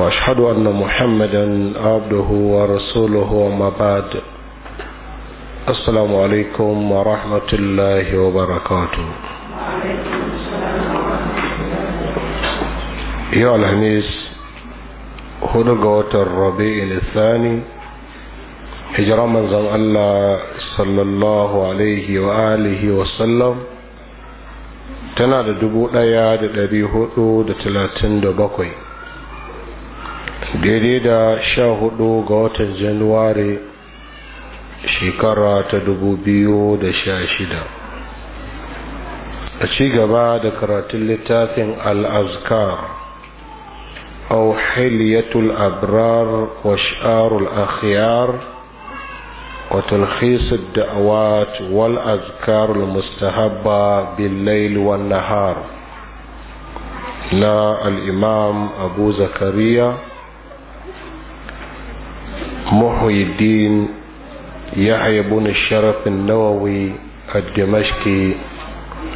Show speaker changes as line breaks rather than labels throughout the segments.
وأشهد أن محمدا عبده ورسوله وما بعد السلام عليكم ورحمة الله وبركاته يا الهميس قوت الربيع الثاني هجرة من زم الله صلى الله عليه وآله وسلم تنادى da لا ɗaya da هدو hudu da daidai da sha hudu ga watan januwari shekara ta dubu biyu da sha shida a ci gaba da karatun littafin al'azkar au hiliyatul abrar wa sha'arul akhiyar wa talhisar da'awat wal azkarul mustahabba billail wan nahar na al'imam abu zakariya محي الدين sharafin بن a النووي الدمشقي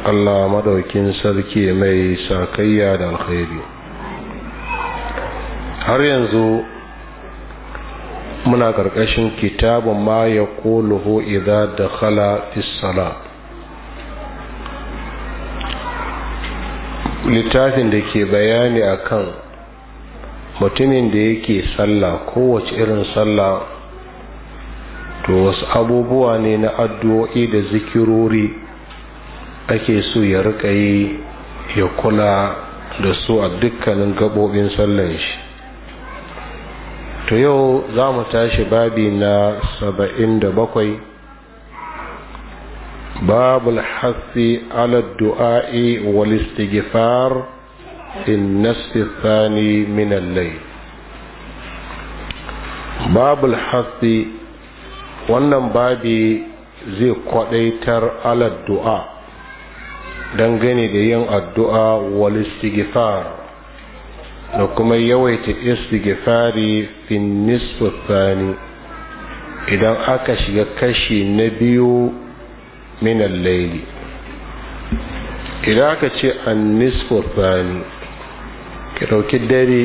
Allah madaukin sarki mai sakayya da alkhairi har yanzu muna ƙarƙashin kitabun ma ya ƙoluhu idan da khala fissala littafin da ke bayani akan mutumin da yake sallah kowace irin sallah to wasu abubuwa ne na addu'o'i da zikirori ake so ya rika yi ya kula da su a dukkanin gabobin sallan shi to yau za mu tashi babi na saba'in da bakwai babul hafi ala du'a'i wal istighfar في النصف الثاني من الليل باب الحث wannan babi zai kwadaitar alar du'a gani da yin addu'a wal istighfar da kuma yawaita istighfari fin nisfu tsani idan aka shiga kashi na biyu minan laili idan aka ce an nisfu tsani ki ɗauki dare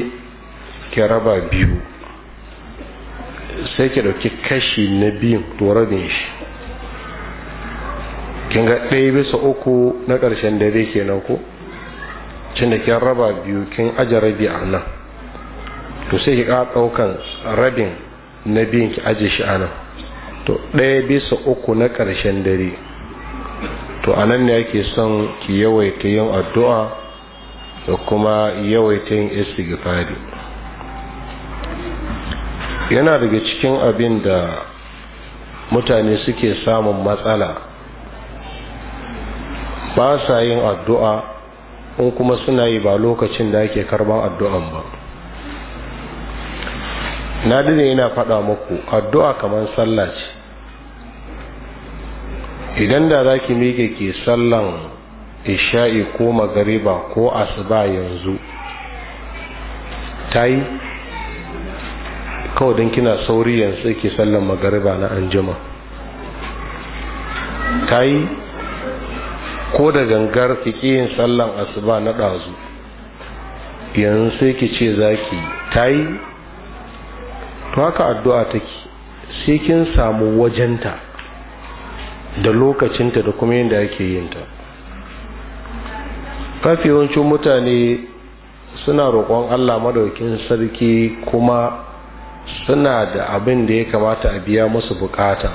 ki raba biyu sai ki ɗauki kashi na biyun to rabin shi kin ga ɗaya bisa uku na ƙarshen dare kenan ko cin da kin raba biyu kin aje rabi a nan to sai ki ƙara ɗaukan rabin na biyun ki aje shi a nan to ɗaya bisa uku na ƙarshen dare to a nan ne ake son ki yawaita yin addu'a da kuma yawaita yin istighfari yana daga cikin abin da mutane suke samun matsala ba sa yin addu'a in kuma suna yi ba lokacin da ake karban addu'an ba na dade yana faɗa muku addu'a kamar sallah ce idan da za ki miƙe ke sallan isha'i ko magariba ko asuba yanzu ta yi kawai don kina sauri yanzu ke sallan magariba na anjima ta yi ko da gangar fiƙe yin sallan asuba na ɗazu yanzu sai ki ce za ki ta yi to haka addu'a take sai kin samu wajenta da lokacinta da kuma yin yadda ake yinta mafi yawancin mutane suna roƙon allah maɗaukin sarki kuma suna da abin da ya kamata a biya musu bukata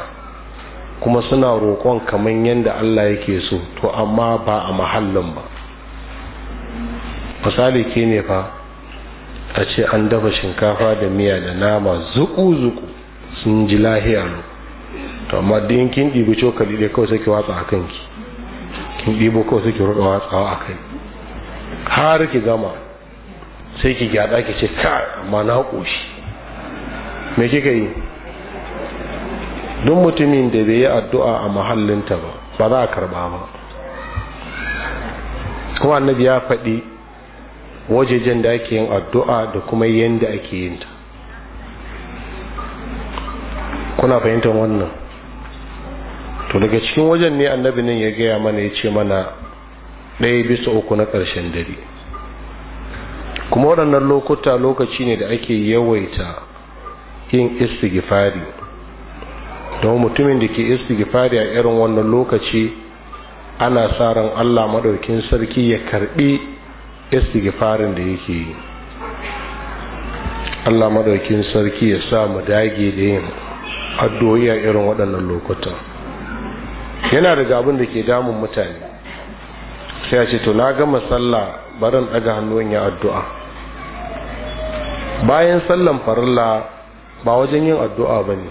kuma suna roƙon kamar yadda allah yake so to amma ba a mahallin ba misali ke ne fa a ce an dafa shinkafa da miya da nama zuku-zuku sun ji lahiya to amma din kin ɗibi cokali da kawai sake watsa a kanki kin ɗibo ko sai ki ruɗa watsawa a kai har ki gama sai ki gyaɗa ki ce ka amma na ƙoshi me kika yi duk mutumin da bai yi addu'a a mahallinta ba ba za a karɓa ba kuma annabi ya faɗi wajejen da ake yin addu'a da kuma yadda ake yin ta kuna fahimtar wannan to daga cikin wajen ne annabi nan ya gaya mana ya ce mana ɗaya bisa uku na ƙarshen dare kuma waɗannan lokuta lokaci ne da ake yawaita yin istighfari don mutumin da ke istigifari a irin wannan lokaci ana sa ran Allah maɗaukin sarki ya karɓi istigifarin da yake yi Allah maɗaukin sarki ya sa mu dage da yin addu'o'i a irin waɗannan lokutan yana daga abin da ke damun mutane sai ya ce to na gama sallah barin daga hannun ya addu'a bayan sallan farilla ba wajen yin addu'a ba ne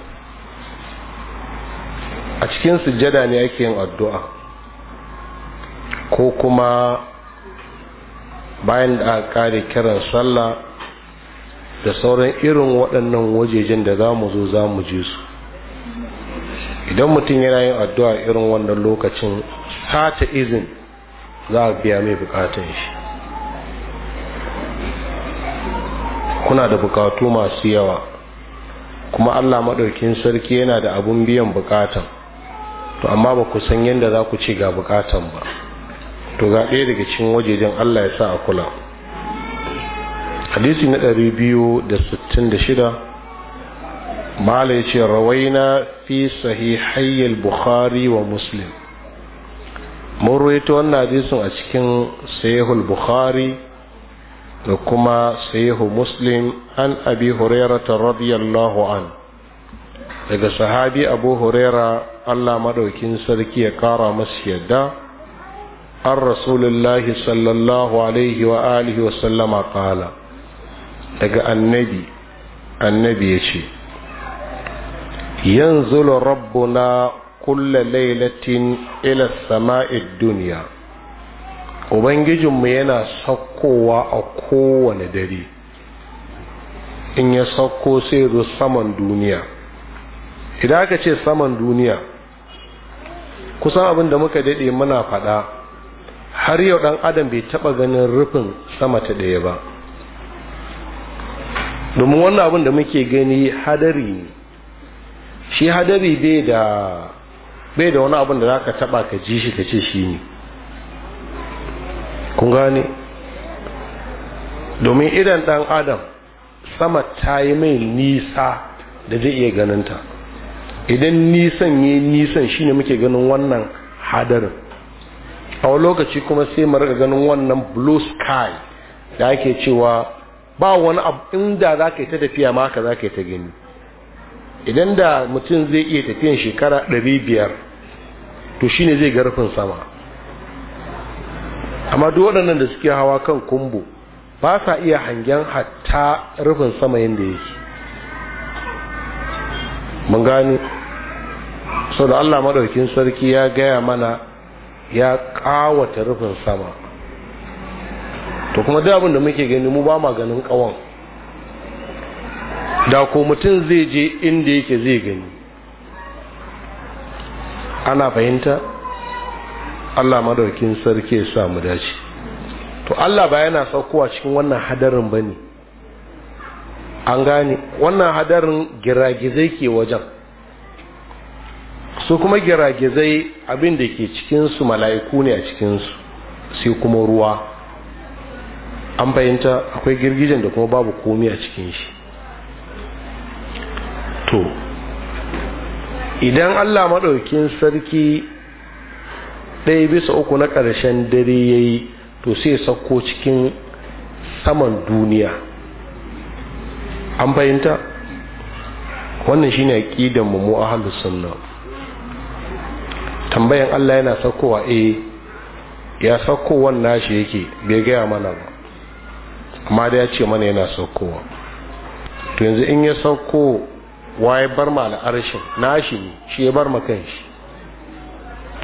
a cikin sujjada ne ake yin addu'a ko kuma bayan da aka kare kiran sallah da sauran irin waɗannan wajejen da za mu zo za mu je su idan mutum yana yin addu'a irin wannan lokacin sata izin za a biya mai bukatun shi kuna da bukatu masu yawa kuma allah maɗaukin sarki yana da abun biyan bukatan to amma ba ku san yadda za ku ci ga bukatan ba to ga ɗaya daga cikin wajejen allah ya sa a kula hadisi na 266 mala ya ce rawaina fi sahihayyar bukhari wa muslim mun ruwaito wannan hadisun a cikin sahihul bukhari da kuma sahihu muslim an abi ta radiyallahu an daga sahabi abu huraira allah maɗaukin sarki ya ƙara masu yadda an rasulullahi sallallahu alaihi wa alihi wasallama ƙala daga annabi annabi ya ce ينزل ربنا كل ليلة إلى السماء الدنيا Ubangijinmu yana saukowa a kowane dare, in ya sauko sai zo saman duniya. Idan aka ce saman duniya, kusan abin da muka daɗe muna faɗa, har yau ɗan adam bai taɓa ganin rufin sama ta ɗaya ba. Domin wannan abin da muke gani hadari ne. shi hadari bai da wani abin da za ka taba ka ji shi ka ce shi ne kun gane domin idan dan adam sama ta yi mai nisa da zai iya ganinta idan nisan ya nisan shine muke ganin wannan hadarin a wani lokaci kuma sai mu rika ganin wannan blue sky da ake cewa ba wani abu inda za ka yi ta tafiya ma haka za ka yi ta gani idan da mutum zai iya tafiyan shekara ɗari biyar to shine zai garfin sama amma duk waɗannan da suke hawa kan kumbu ba sa iya hangen hatta rufin sama yadda yake mun gani sau da allah maɗaukin sarki ya gaya mana ya ƙawata rufin sama to kuma da abin da muke gani mu ba ma ganin ƙawon da ko mutum zai je inda yake zai gani ana fahimta Allah madaukin sarki ya sa dace to Allah ba yana saukowa cikin wannan hadarin ba ne. an gane wannan hadarin giragizai ke wajen su kuma giragizai abin da ke cikinsu mala'iku ne a cikinsu sai kuma ruwa an fahimta akwai girgijen da kuma babu komi a cikin shi to idan allah maɗaukin sarki ɗaya bisa uku na ƙarshen dare ya yi to sai sako cikin saman duniya an fahimta wannan shi shine ƙidan mummu a ahlus sunna tambayan Allah yana sakowa eh ya sakowa nashi yake bai gaya mana ba amma da ya ce mana yana sakowa to yanzu in ya sako waye bar ma na nashi ne shi ya bar ma kanshi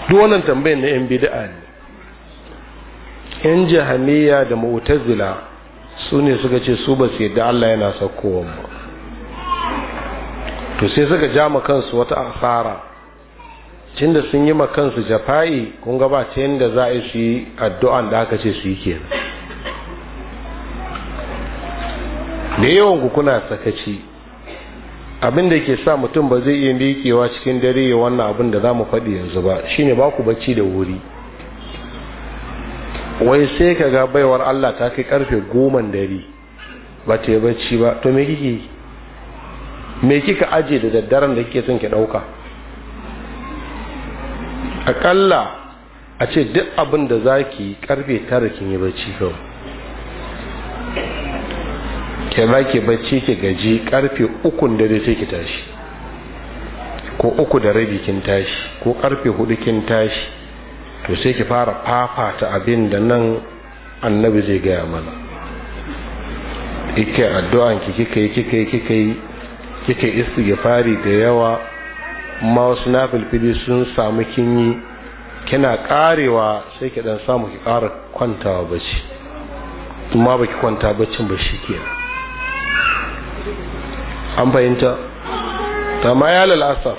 duk wannan tambayin na yan bid'a ne yan jahamiya da mu'tazila su ne suka ce su ba su yadda Allah yana saukowa ba to sai suka ja ma kansu wata asara tunda sun yi ma kansu jafa'i kun ga ba ta yadda za a yi su yi addu'an da aka ce su yi kenan da yawan ku kuna sakaci abin da ke sa mutum ba zai iya mikewa cikin dare ya wannan abin da za mu faɗi yanzu ba shine ba ku bacci da wuri wai sai ka ga baiwar Allah ta kai karfe goma dare ba ta yi bacci ba to me kike me kika aje da daddaren da kike son ki ɗauka aƙalla a ce duk abin da za ki karfe tara kin yi bacci kawai Ka baki bacci ki gaji karfe ukun dare sai ki tashi ko uku da rabi kin tashi ko karfe hudu kin tashi to sai ki fara fafata abin da nan annabi zai gaya mana ike addu'an ki kika yi kika yi kika yi kika istighfari da yawa ma wasu na filfili sun samu kin yi kina karewa sai ki dan samu ki kara kwantawa bacci kuma baki kwanta baccin ba shi kenan an fahimta ma ya lalasa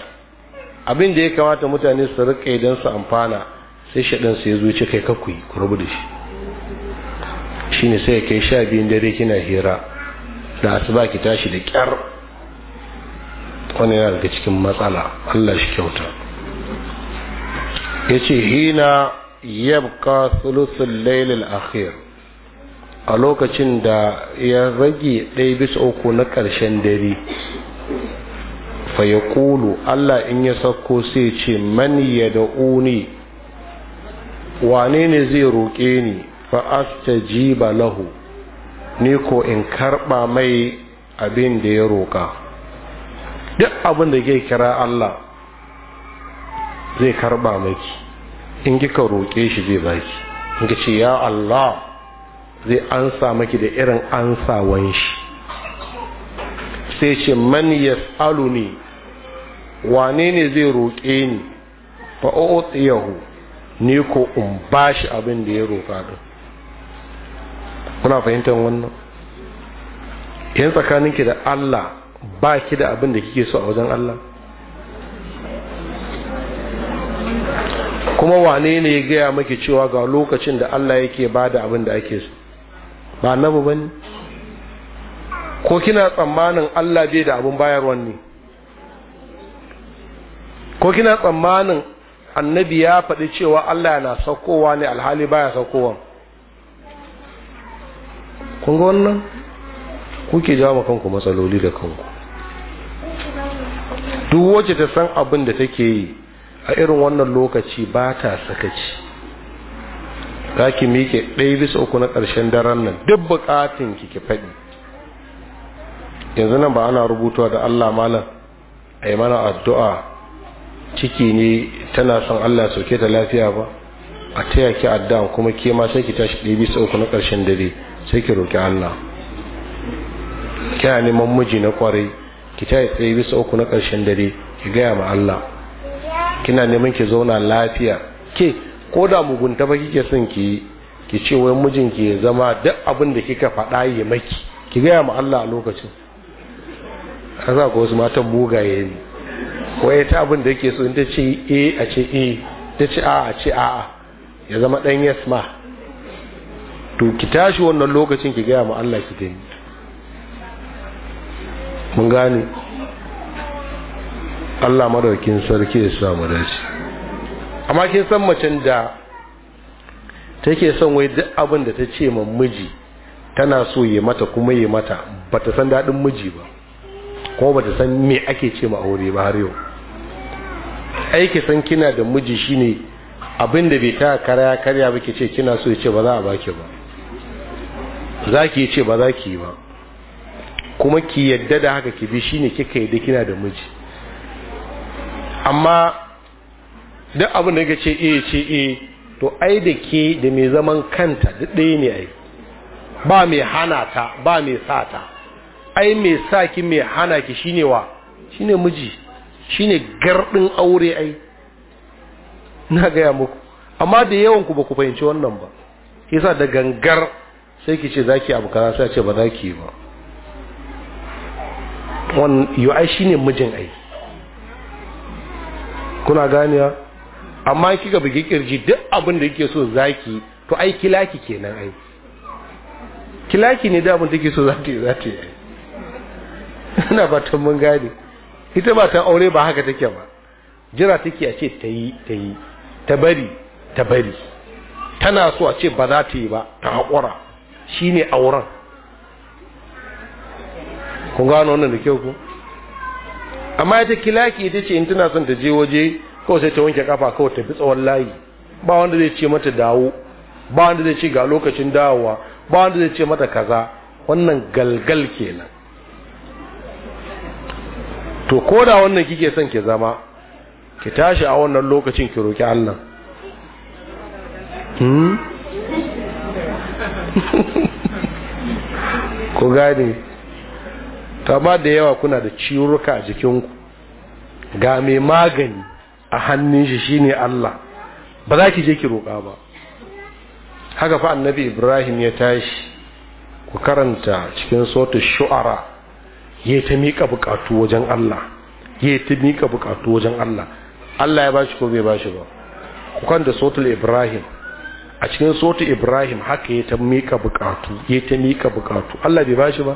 abin da ya kamata mutane su rika idan su amfana sai shaɗin su ya ce kai kakwai ku rabu da shi shi ne sai kai sha biyun dare kina hira da asuba ki tashi da kyar wani yana daga cikin matsala allah shi kyauta ya ce hina yabka sulusun lailil akhir a lokacin da ya rage ɗaya bisa uku na ƙarshen dare fa ya ƙulu Allah in ya sauko sai ce mani ya uni. wane ne zai roƙe ni fa ba lahu ni ko in karɓa mai abin da ya roƙa duk abin da ke kira Allah zai karɓa maki in kika roƙe shi zai baki in ce ya Allah zai ansa maki da irin ansawan shi sai ce man ne wane ne zai roƙe ni fa utiyahu ni ko in bashi abin da ya roƙa din kuna fahimtar wannan yan ki da Allah ba ki da abin da kike so a wajen Allah kuma wane ne ya gaya maki cewa ga lokacin da Allah yake ba da abin da ake so ba annabi bane ko kina tsammanin Allah bai da abun bayarwan ne ko kina tsammanin annabi ya faɗi cewa Allah na saukowa ne alhali baya saukowa kun ga wannan kuke jawo kanku matsaloli da kanku duk wacce ta san abin da take yi a irin wannan lokaci ba ta sakaci za ki miƙe ɗaya bisa uku na ƙarshen daren nan duk buƙatun ki ki faɗi yanzu nan ba ana rubutuwa da Allah malam a yi mana addu'a ciki ne tana son Allah sauke ta lafiya ba a taya ki addu'a kuma ke ma sai ki tashi ɗaya bisa uku na ƙarshen dare sai ki roƙi Allah kina neman miji na kwarai ki tayi ɗaya bisa uku na ƙarshen dare ki gaya ma Allah kina neman ki zauna lafiya ke ko da mugunta ba kike son ki ki ce wai mijinki ya zama duk abin da kika faɗa ya maki ki gaya ma Allah a lokacin a za ka wasu matan mugaye ne wai ta abin da yake so in ta ce e a ce e ta ce a a ce a ya zama ɗan yes ma to ki tashi wannan lokacin ki gaya ma Allah ki gani mun gane Allah madaukin sarki ya samu dace amma kin san macen da take son wai duk abin da ta ce ma miji tana so yi mata kuma yi mata bata san daɗin miji ba kuma bata san me ake ce ma aure ba har yau aiki san kina da miji shine abin da bai ta karya karya ba ke ce kina so ya ce ba za a baki ba za ki ce ba za ki yi ba kuma ki yadda da haka ki bi shine kika yadda kina da miji amma duk abin da ce eh ce eh to ai da ke da mai zaman kanta duk ɗaya ne ai ba mai hana ta ba mai sa ta ai mai sa ki mai hana ki shine wa shine miji shine gardin aure ai na gaya muku amma da yawan ku ba ku fahimci wannan ba yasa da gangar sai ki ce zaki abu kaza sai ce ba zaki ba wannan yo ai shine mijin ai kuna ganiya amma kika bugi kirji duk abin da yake so zaki to ai kilaki kenan ai kilaki ne da abin da yake so zaki zaki ina fatan mun gane ita ba ta aure ba haka take ba jira take a ce ta yi ta yi ta bari ta bari tana so a ce ba za ta yi ba ta haƙura shine auren kun gano wannan da kyau ku amma ita kilaki ita ce in tana son ta je waje kawai sai ta wanke kafa kawai ta bi tsawon layi ba wanda zai ce mata dawo ba wanda zai ce ga lokacin dawowa ba wanda zai ce mata kaza wannan galgal kenan to ko da wannan kike son ki zama ki tashi a wannan lokacin ki roki Allah hmm
ku
gane ta ba da yawa kuna da ciwurka a jikinku ga mai magani a hannun shi shine Allah ba za ki je ki roƙa ba haka fa annabi Ibrahim ya tashi ku karanta cikin sautu shu'ara ya ta miƙa buƙatu wajen Allah ya ta miƙa buƙatu wajen Allah Allah ya bashi ko bai bashi ba ku kanta sautul Ibrahim a cikin sautu Ibrahim haka ya ta miƙa buƙatu ya ta miƙa buƙatu Allah bai bashi ba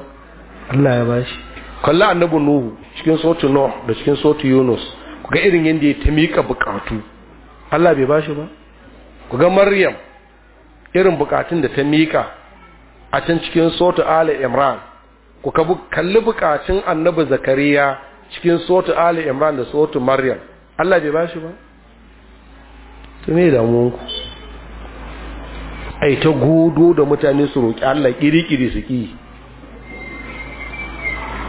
Allah ya bashi kalla annabi Nuhu cikin sautu Nuh da cikin sautu Yunus ku ga irin yadda ya ta miƙa buƙatu Allah bai bashi ba ku ga Maryam irin buƙatun da ta miƙa a can cikin sotu Ali Imran ku kalli buƙatun Annabi Zakariya cikin sotu Ali Imran da sotu Maryam Allah bai bashi ba to me ku ai ta godo da mutane su roƙi Allah kirikiri su ki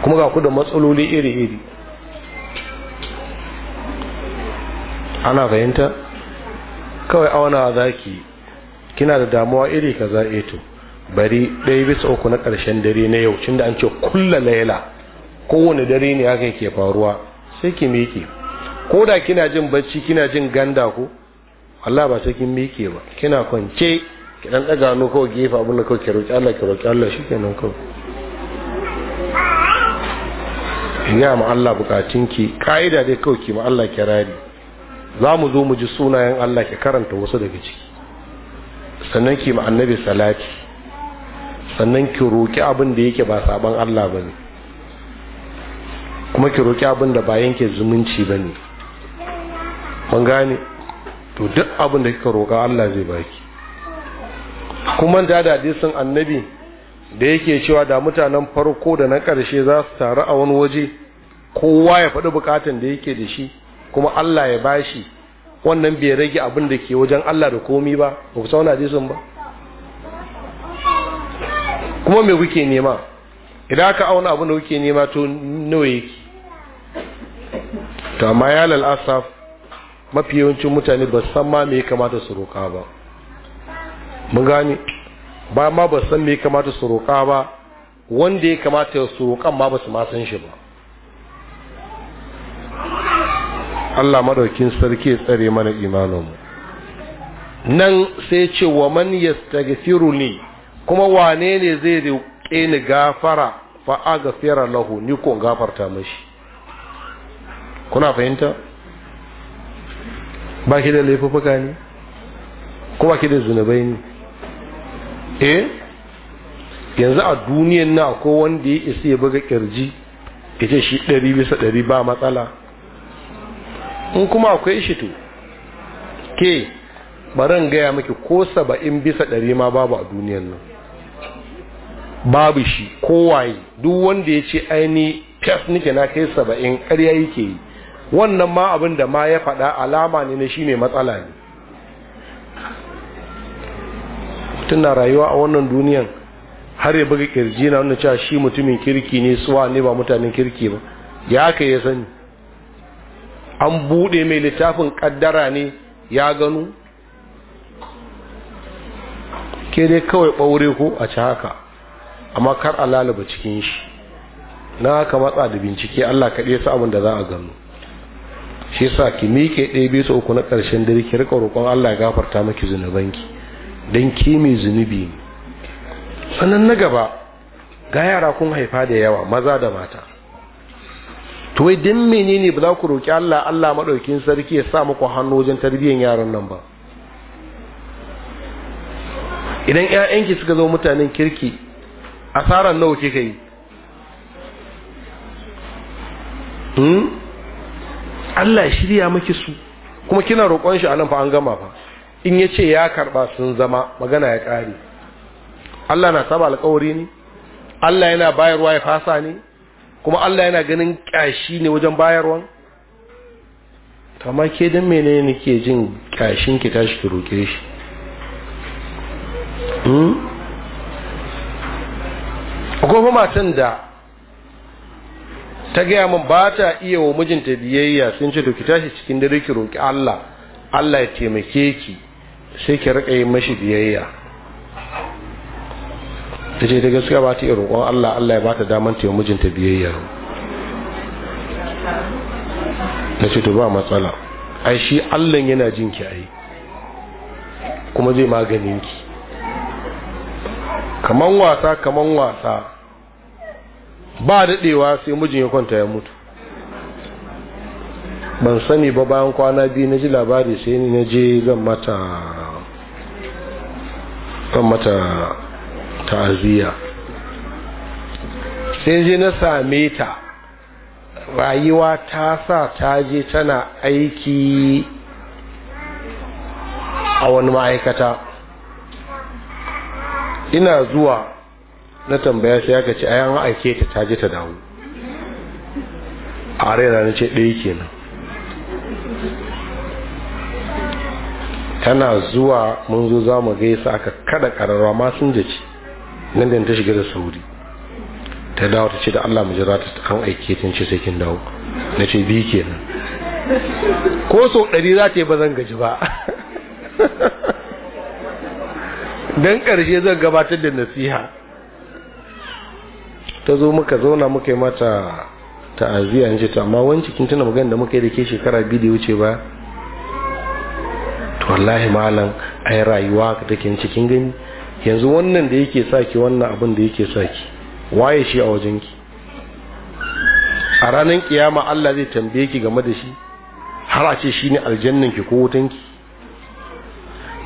kuma ga ku da matsaloli iri-iri ana fahimta kawai auna zaki kina da damuwa iri kaza eto eh bari ɗaya bisa uku na ƙarshen dare na yau cin an ce kulla laila kowane dare ne haka ke faruwa sai ki miƙe ko da kina jin bacci kina jin ganda ko Allah ba sai kin miƙe ba kina kwance ki dan daga hannu kawai gefe abin da kawai ki roki Allah ki roki Allah shikenan kawai ina ma Allah ki kaida dai kawai ki ma Allah kirari za mu zo mu ji sunayen Allah ki karanta wasu daga ciki sannan ki annabi salati sannan ki roƙi abin da yake ba saban Allah bane kuma ki roƙi abin da ba yanke zumunci ba ne mun gane to duk abin da kika roƙa Allah zai baki kuma da da hadisin annabi da yake cewa da mutanen farko da na ƙarshe za su taru a wani waje kowa ya faɗi bukatan da yake da shi kuma Allah ya bashi wannan bai rage abin da ke wajen Allah da komi ba ba ku sauna hadisin ba kuma me kuke nema idan aka auna abin da kuke nema to nawa yake to amma ya lalasaf mafi yawancin mutane ba san ma me kamata su roƙa ba mun gane ba ma ba san me kamata su roƙa ba wanda ya kamata su roƙan ma ba su ma san shi ba Allah madaukin sarki ya tsare mana imaninmu nan sai ce wa man ni kuma wane ne zai roƙe ni gafara fa aghfira lahu ni ko gafarta mashi kuna fahimta ba ki da laifuffuka ne ko ba ki da zunubai ne eh yanzu a duniyar na ko wanda ya isa ya buga kirji ya ce shi ɗari bisa ɗari ba matsala in kuma akwai shi to ke baran gaya maki ko saba'in bisa ɗari ma babu a duniyan nan babu shi kowaye duk wanda ya ce aini fes nike na kai saba'in karya yake yi wannan ma abin da ma ya faɗa alama ne na shi ne matsala ne mutum na rayuwa a wannan duniyan har ya buga kirji na wanda cewa shi mutumin kirki ne suwa ne ba mutanen kirki ba ya aka ya sani an buɗe mai littafin ƙaddara ne ya gano ke dai kawai ɓaure ko a ci haka amma kar a lalaba cikin shi na haka matsa da bincike allah ka ɗaya abin da za a gano shi sa ki miƙe ɗaya bisa uku na ƙarshen dare ki riƙa roƙon allah ya gafarta maki zunubanki don ki mai zunubi ne sannan na gaba ga yara kun haifa da yawa maza da mata to wai din menene ba za ku roki Allah Allah maɗaukin sarki ya sa muku hannu wajen tarbiyyar yaran nan ba idan ƴaƴanki suka zo mutanen kirki asaran nawa kika yi hmm Allah shirya miki su kuma kina roƙon shi anan fa an gama fa in yace ya karɓa sun zama magana ya kare Allah na saba alƙawari ne Allah yana bayarwa ya fasa ne kuma Allah yana ganin kyashi ne wajen bayarwan amma ke dan menene nake jin kyashin ki tashi ki roke shi hmm? akwai matan da ta gaya min ba ta iya wa mijinta biyayya sun ce to ki tashi cikin dare ki roki Allah Allah ya taimake ki sai ki rika yin mashi biyayya ta ce ta gaskiya ba ta iya roƙon Allah Allah ya ba ta damar ta yi mijinta biyayya ta ce to ba matsala ai shi Allah yana jin ki ai kuma zai maganin ki kaman wasa kaman wasa ba daɗewa sai mijin ya kwanta ya mutu ban sani ba bayan kwana biyu na ji labari sai ni na je zan mata ta'aziyya sai je na same ta rayuwa ta sa ta je tana aiki a wani ma'aikata ina zuwa na tambaya sai aka ce ayan aike ta ta je ta dawo a raina na ce ɗaya kenan tana zuwa mun zo za mu gaisa aka kada ƙararwa ma sun nan da ta shiga da sauri ta dawo ta ce da Allah mu jira ta an aike ta ce sai kin dawo na ce bi nan ko so ɗari za ta yi ba zan gaji ba dan ƙarshe zan gabatar da nasiha ta zo muka zauna muka yi mata ta'aziyya in ce amma wani cikin tuna magana da muka yi da ke shekara biyu da wuce ba to wallahi malam ai rayuwa ka take cikin gani yanzu wannan da yake saki wannan abin da yake saki waye shi a wajenki a ranar kiyama Allah zai tambaye ki game da shi har a ce shi ne aljannanki ko wutanki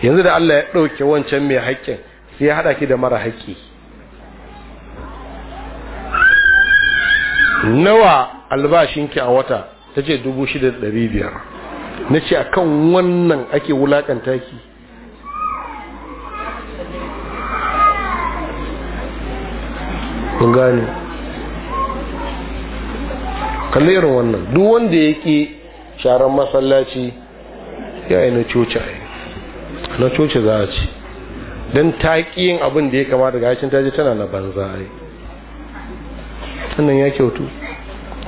yanzu da Allah ya ɗauke wancan mai haƙƙin sai ya haɗa ki da mara haƙƙi nawa albashinki a wata ta ce dubu da ɗari biyar na ce a kan wannan ake wulaƙanta ki kun gane kalli irin wannan duk wanda ya ƙi sharan masallaci ya yi na coci na coci za a ci don ta yin abin da ya kamata gashin ta ji tana na banza ai sannan ya kyautu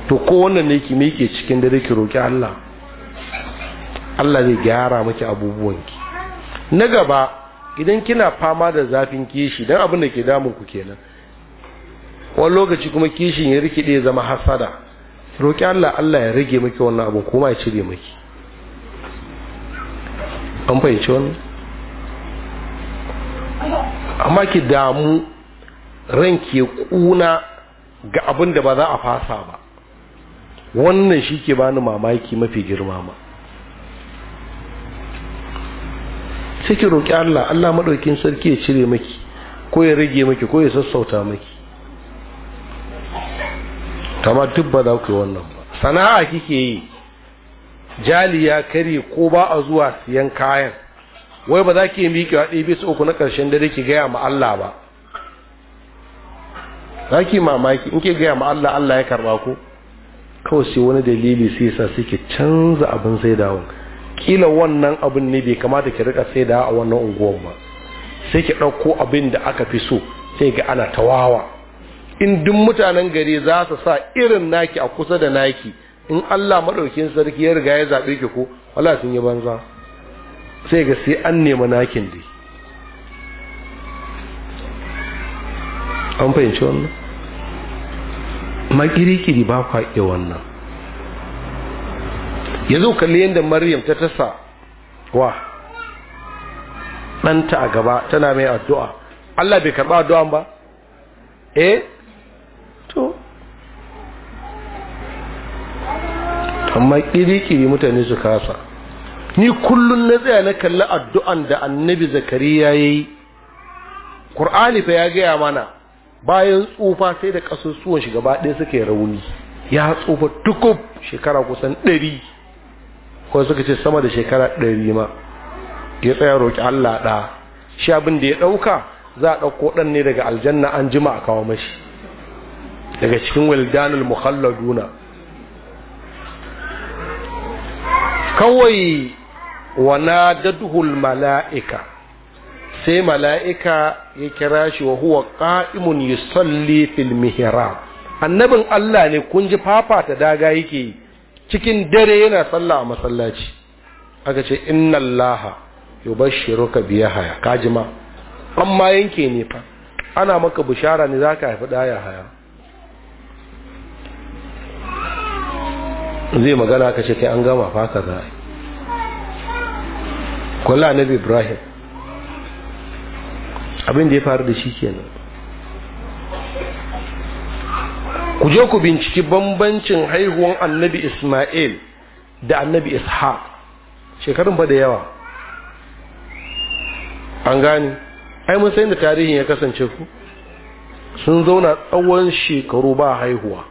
to ko wannan ne ki mike cikin dare ki roki Allah Allah zai gyara miki abubuwanki na gaba idan kina fama da zafin kishi dan abin da ke damun ku kenan wani lokaci kuma kishin ya rikide zama hasada roƙi Allah Allah ya rage maki wannan abin kuma ya cire maki an fahimci wannan amma ki damu ranki ya kuna ga abin da ba za a fasa ba wannan shi ke bani mamaki mafi girma ma sai ki roƙi Allah Allah maɗaukin sarki ya cire maki ko ya rage maki ko ya sassauta maki tama duk ba za ku yi wannan ba sana'a kike yi jali ya kare ko ba a zuwa siyan kayan wai ba za ki yi miƙewa ɗaya bisa uku na ƙarshen dare ki gaya ma Allah ba za ki mamaki in ke gaya ma Allah Allah ya karɓa ku kawai sai wani dalili sai sa suke canza abin sai wani kila wannan abin ne bai kamata ki rika sai da a wannan unguwar ba sai ki ɗauko abin da aka fi so sai ga ana tawawa in duk mutanen gari za su sa irin naki a kusa da naki in Allah madaukin sarki ya riga ya zaɓe ki ko wala sun yi banza sai ga sai an nemi nakin dai an fahimci wannan makirikiri ba kwa iya wannan zo kalli yadda maryam ta tasa wa ɗanta a gaba tana mai addu'a Allah bai karɓa addu'an ba eh amma kiri-kiri mutane su kasa ni kullum na tsaya na kalli addu'an da annabi zakariya ya yi ƙur'ani fa ya gaya mana bayan tsufa sai da ƙasusuwan shiga gaba ɗaya suke rauni ya tsufa tukub shekara kusan ɗari ko suka ce sama da shekara ɗari ma ya tsaya roƙi allah ɗa shi abin da ya ɗauka za a ɗauko ɗan ne daga aljanna an jima a kawo mashi daga cikin wildanul muhalladuna. kawai wana daduhul mala'ika sai mala'ika ya kira shi wa huwa ƙa'imun yusalli fil mihrab annabin Allah ne kun ji ta daga yake cikin dare yana sallah a masallaci aka ce inna allaha yubashshiruka bi yahya kajima amma yanke ne fa ana maka bishara ne zaka haifi daya haya zai magana ka ce kai an gama faka za a yi kwallo annabi ibrahim abin ya faru da shi kenan ku je ku binciki bambancin haihuwan annabi isma'il da annabi ishaq shekarun ba da yawa an gani ai mun san da tarihin ya kasance ku sun zauna tsawon shekaru ba haihuwa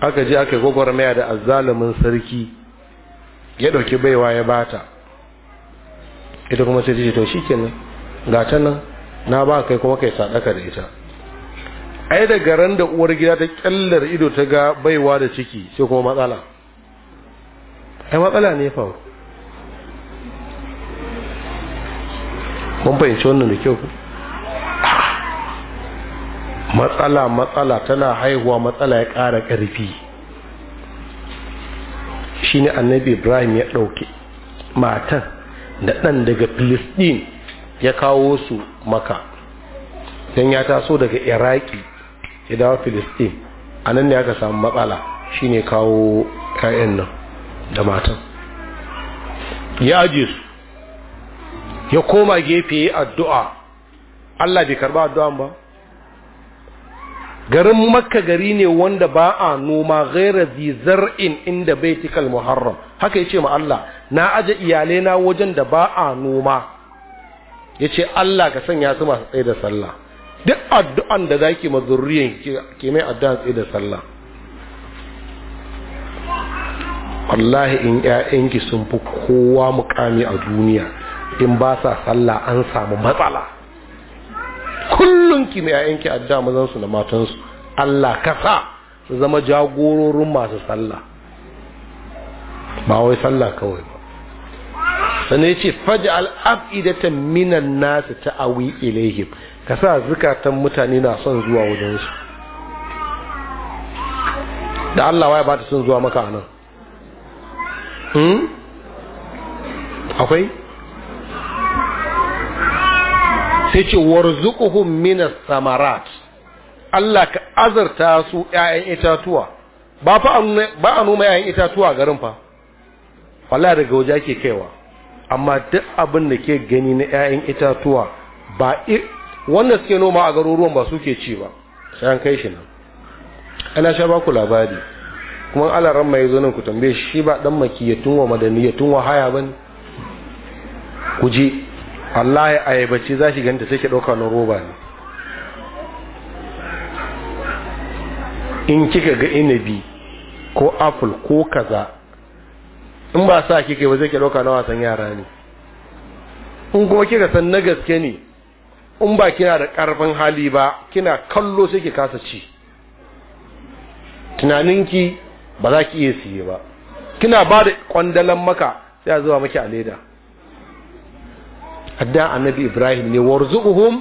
aka je aka gwagwarmaya da azzalumin sarki ya ɗauki baiwa ya bata ita kuma sai ce to shikenan ga ta nan na ba kai kuma kai sadaka da ita ai da garan da uwar gida ta kyallar ido ta ga baiwa da ciki sai kuma matsala ai matsala ne fa mun fahimci wannan da kyau matsala matsala tana haihuwa matsala ya ƙara ƙarfi shi ne annabi ibrahim ya ɗauke matan da ɗan daga filistin ya kawo su maka don ya taso daga iraki ya dawo filistin a nan ne aka samu matsala shi ne kawo 'ya'yan nan da matan ya ajiye su ya koma gefe addu'a Allah bai karba addu'an ba garin makka gari ne wanda ba a noma gaira zar'in inda baitikal muharram haka ya ce ma Allah na aje iyalai na wajen da ba a noma ya ce Allah ka sanya su masu tsaye da sallah duk addu'an da zaki ma ke mai addu'an tsaye da sallah wallahi in ƴaƴanki sun fi kowa mukami a duniya in ba sa sallah an samu matsala kullum ki mai ayyanki adda mazansu da matansu Allah ka sa su zama jagororin masu sallah ba wai sallah kawai ba sannan ya ce faj'al af'idatan minan nasu ta'awi ilayhim ka sa zukatan mutane na son zuwa wajensu da Allah waya ba ta son zuwa maka nan hmm? akwai sai ce warzuquhum minas samarat Allah ka azarta su ƴaƴan itatuwa ba fa ba a noma ƴaƴan itatuwa garin fa wallahi daga waje ake kaiwa amma duk abin da ke gani na ƴaƴan itatuwa ba wanda suke noma a garuruwan ba suke ci ba sai an kai shi nan ana sha baku labari kuma Allah ran mai zo nan ku tambaye shi ba dan makiyatun wa madaniyatun wa haya bane ku je wallahi ayyabaci za ki ganta sai ki ɗauka na roba ne in kika ga inabi ko apple ko kaza in ba sa kika ba zai ke ɗauka na wasan yara ne in kuma kika san na gaske ne in ba kina da ƙarfin hali ba kina kallo sai ki kasa ci tunaninki ba za ki iya siye ba kina ba da kwandalan maka sai a zuwa maki a leda adda annabi ibrahim ne warzuquhum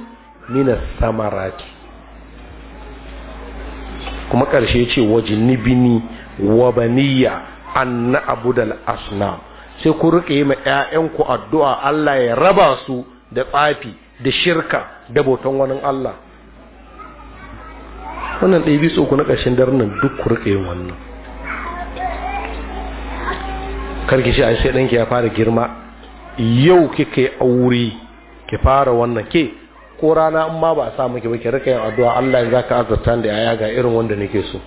minas samarati kuma ƙarshe ce wajnibini wa baniya an na'budal asnam sai ku rike ma ma ƴaƴanku addu'a Allah ya raba su da tsafi da shirka da boton wani Allah wannan ɗaya so ku na ƙarshen daren nan duk ku rike wannan karki shi ai sai ɗanki ya fara girma yau kika yi aure ki fara wannan ke ko rana in ma ba a sa ki ba ki rika yin addu'a Allah ya zaka azurta da yaya ga irin wanda nake so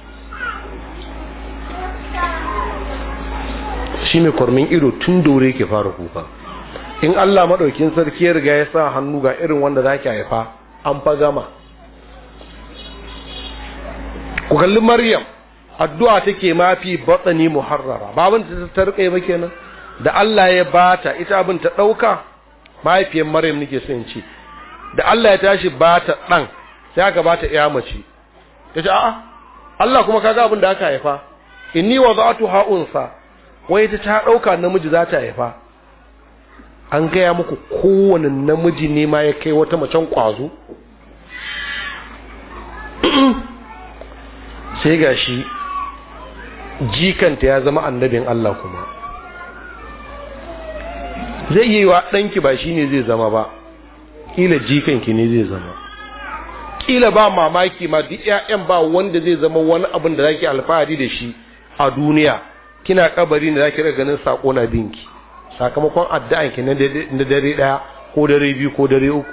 shi mai kwarmin ido tun dore ke fara kuka in Allah maɗaukin sarki ya riga ya sa hannu ga irin wanda za haifa an fa gama ku kalli maryam addu'a take mafi batsani muharrara babanta ta yi ba kenan da Allah ya bata ita abin ta ɗauka mahaifiyar maryam nake so in ce da Allah ya tashi bata ɗan sai aka bata ya mace ta ce a'a Allah kuma kaga abin da aka haifa inni wa za'atu ha'unsa wai ta ta ɗauka namiji za ta haifa an gaya muku kowane namiji ne ma ya kai wata macen ƙwazo sai gashi jikanta ya zama annabin Allah kuma zai yi wa ɗanki ba shi ne zai zama ba ƙila jikanki ne zai zama ƙila ba mamaki ma duk ƴaƴan ba wanda zai zama wani abin da zaki alfahari da shi a duniya kina kabari da zaki rika ganin sako na binki sakamakon addu'an ki na dare daya ko dare biyu ko dare uku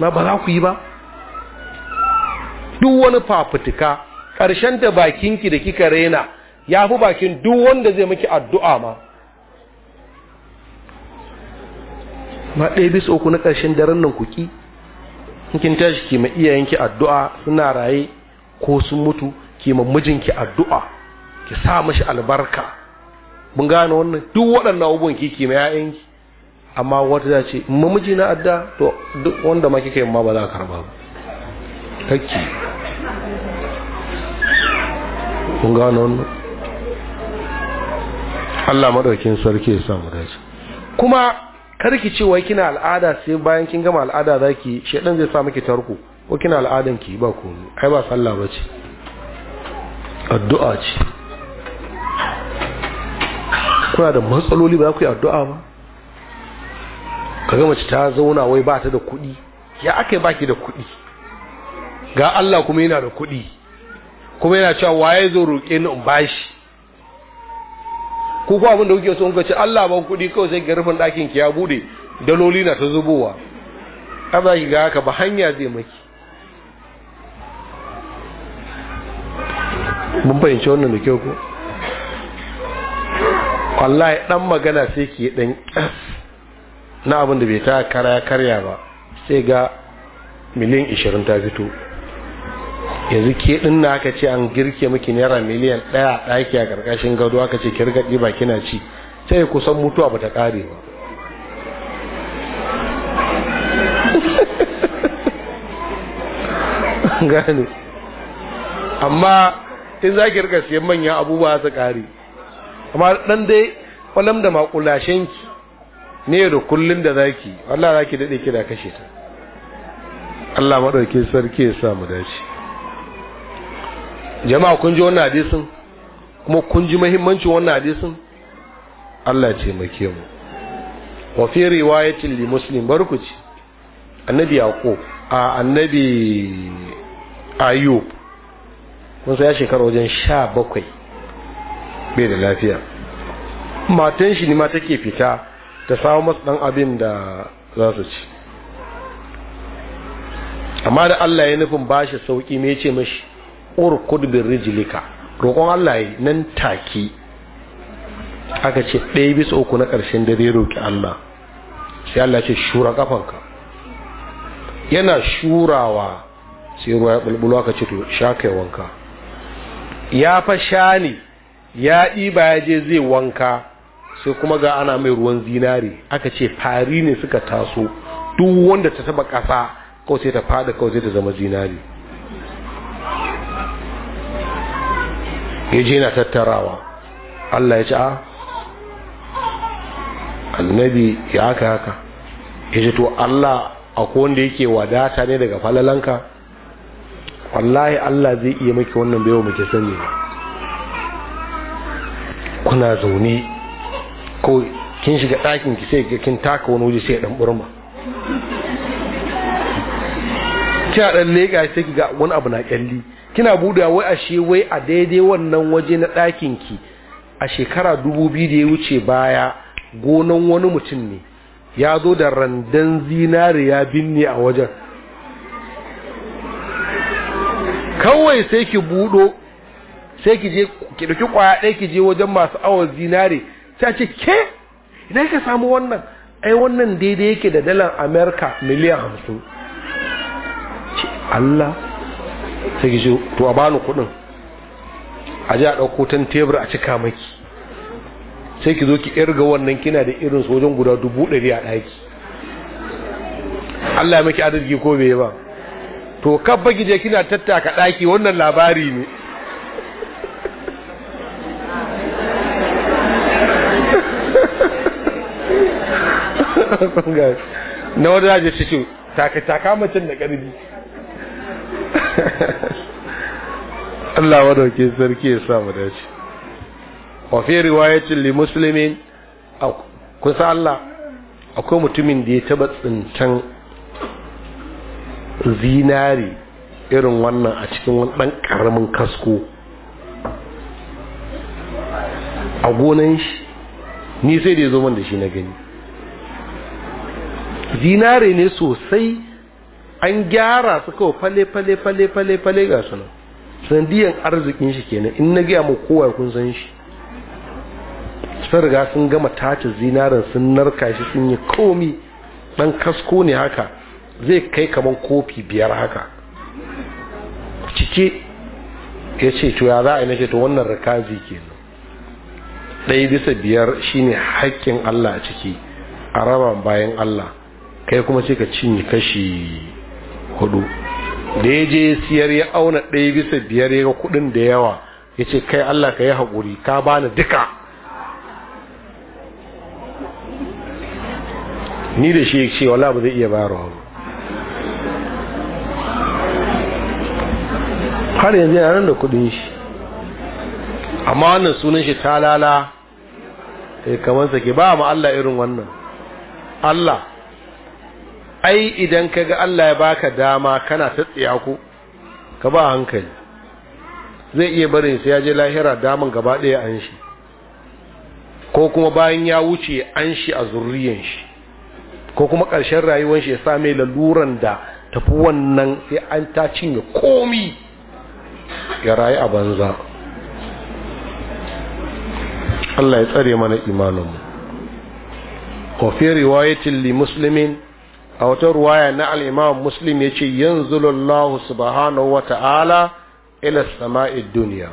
na ba za ku yi ba duk wani fafutuka ƙarshen da bakinki da kika raina ya fi bakin duk wanda zai miki addu'a ma ma ɗaya bisa uku na ƙarshen daren nan kuki kin tashi ki ma iyayenki addu'a suna raye ko sun mutu ki ma mijinki addu'a ki sa mashi albarka mun gane wannan duk waɗannan abubuwan ki ki ma ƴaƴanki amma wata za ce ma miji na adda to duk wanda ma kika yi ma ba za ka karba ba kakki mun gane wannan Allah madaukin sarki ya samu dace kuma kar ki ce wai kina al'ada sai bayan kin gama al'ada zaki shedan zai sa miki tarko ko kina al'adan ki ba ku ai ba sallah bace addu'a ce kuna da matsaloli ba ku yi addu'a ba kaga mace ta zauna wai ba ta da kuɗi ya aka baki da kuɗi ga Allah kuma yana da kuɗi kuma yana cewa waye zo roƙe ni in bashi ku ko abin da kuke so kuka ce Allah ban kuɗi kawai sai garfin ɗakin ki ya bude daloli na ta zubowa kaza ki ga haka ba hanya zai maki mun fahimci wannan da kyau ko wallahi dan magana sai ki dan na abin da bai ta kara karya ba sai ga miliyan 20 ta fito yanzu ke din na aka ce an girke miki naira miliyan ɗaya ɗaki a ƙarƙashin gado aka ce ki ba ɗiba kina ci sai kusan mutuwa ba ta ƙare ba gani amma in za ki rika siyan manyan abubuwa su ƙare amma ɗan dai kwalam da makulashen ki ne da kullun da zaki wallah zaki daɗe ki da kashe ta Allah maɗauki sarki ya sa mu dace jama'a kun ji wannan hadisin kuma kun ji muhimmancin wannan hadisin Allah ce mu wa fi riwayatin li muslim barkuci annabi yaqo a annabi ayub kun sai shekara wajen 17 bai da lafiya matan shi ne ma take fita ta samu masu dan abin da za su ci amma da Allah ya nufin ba shi sauki me ce mashi urkud bi rijlika roƙon Allah yi nan take aka ce ɗaya bisa uku na ƙarshen dare roƙi Allah sai Allah ce shura kafanka yana shurawa sai ruwa ya bulbulo aka ce to sha wanka ya fa sha ne ya ɗiba ya je zai wanka sai kuma ga ana mai ruwan zinare aka ce fari ne suka taso duk wanda ta taba ƙasa kawai sai ta fada kawai sai ta zama zinare ya je na tattarawa Allah ya ce a ah, annabi ya haka haka ya ce to Allah akwai wanda yake wadata ne daga falalanka wallahi Allah zai iya maki wannan wa muke sani kuna zaune ko kin shiga ɗakin ki sai kin taka wani waje sai dan burma kina ɗan leƙa sai ki ga wani abu na kyalli kina buda wai ashe wai a daidai wannan waje na ɗakin ki a shekara dubu biyu da ya wuce baya gonan wani mutum ne ya zo da randan zinari ya binne a wajen kawai sai ki buɗo sai ki je ki ɗauki kwaya ɗaya ki je wajen masu awon zinari sai ce ke idan ka samu wannan ai wannan daidai yake da dalar amerika miliyan hamsin Allah sai ki to a bani kuɗin a ji a ɗauko tan tebur a cika maki sai ki zo ki irga wannan kina da irin sojan guda dubu ɗari a ɗaki Allah ya maki adalci ko bai ba to kabba gije je kina tattaka ɗaki wannan labari ne na wadda shi ce taka taka macen da ƙarfi Allah madauki sarki ya sa mu dace wa fi riwayatin li muslimin kun Allah akwai mutumin da ya taba tsintan zinari irin wannan a cikin wani dan karamin kasko a gonan shi ni sai da ya zo man da shi na gani zinare ne sosai an gyara su kawai fale fale fale fale fale ga su nan sandiyan arzikin shi kenan in na gaya mu kowa kun san shi sun riga sun gama tace zinarin sun narka shi sun yi komi dan kasko ne haka zai kai kaman kofi biyar haka cike ya ce to ya za a yi na to wannan rikazi kenan ɗaya bisa biyar shine hakkin Allah a ciki a raba bayan Allah kai kuma sai ka cinye kashi hudu da ya je siyar ya auna ɗaya bisa biyar ya ga kudin da yawa ya ce kai Allah ka yi haƙuri ka bani duka ni da shi ce wala ba zai iya bayarwa ba har yanzu yana nan da kuɗin shi amma wannan sunan shi talala eh, kamar sake ba ma Allah irin wannan Allah ai idan ka ga Allah ya baka dama kana ta tsiya ku ka ba hankali zai iya barin sai ya je lahira daman gaba ɗaya an shi ko kuma bayan ya wuce an shi a zurriyan shi ko kuma ƙarshen rayuwar shi ya same laluran da tafi wannan sai an ta cinye komi ya rayu a banza Allah ya tsare mana imaninmu ko fi riwayatin li muslimin a wata ruwaya na al'imam muslim ya ce yanzulullahu subhanahu wa ta'ala ila sama'id duniya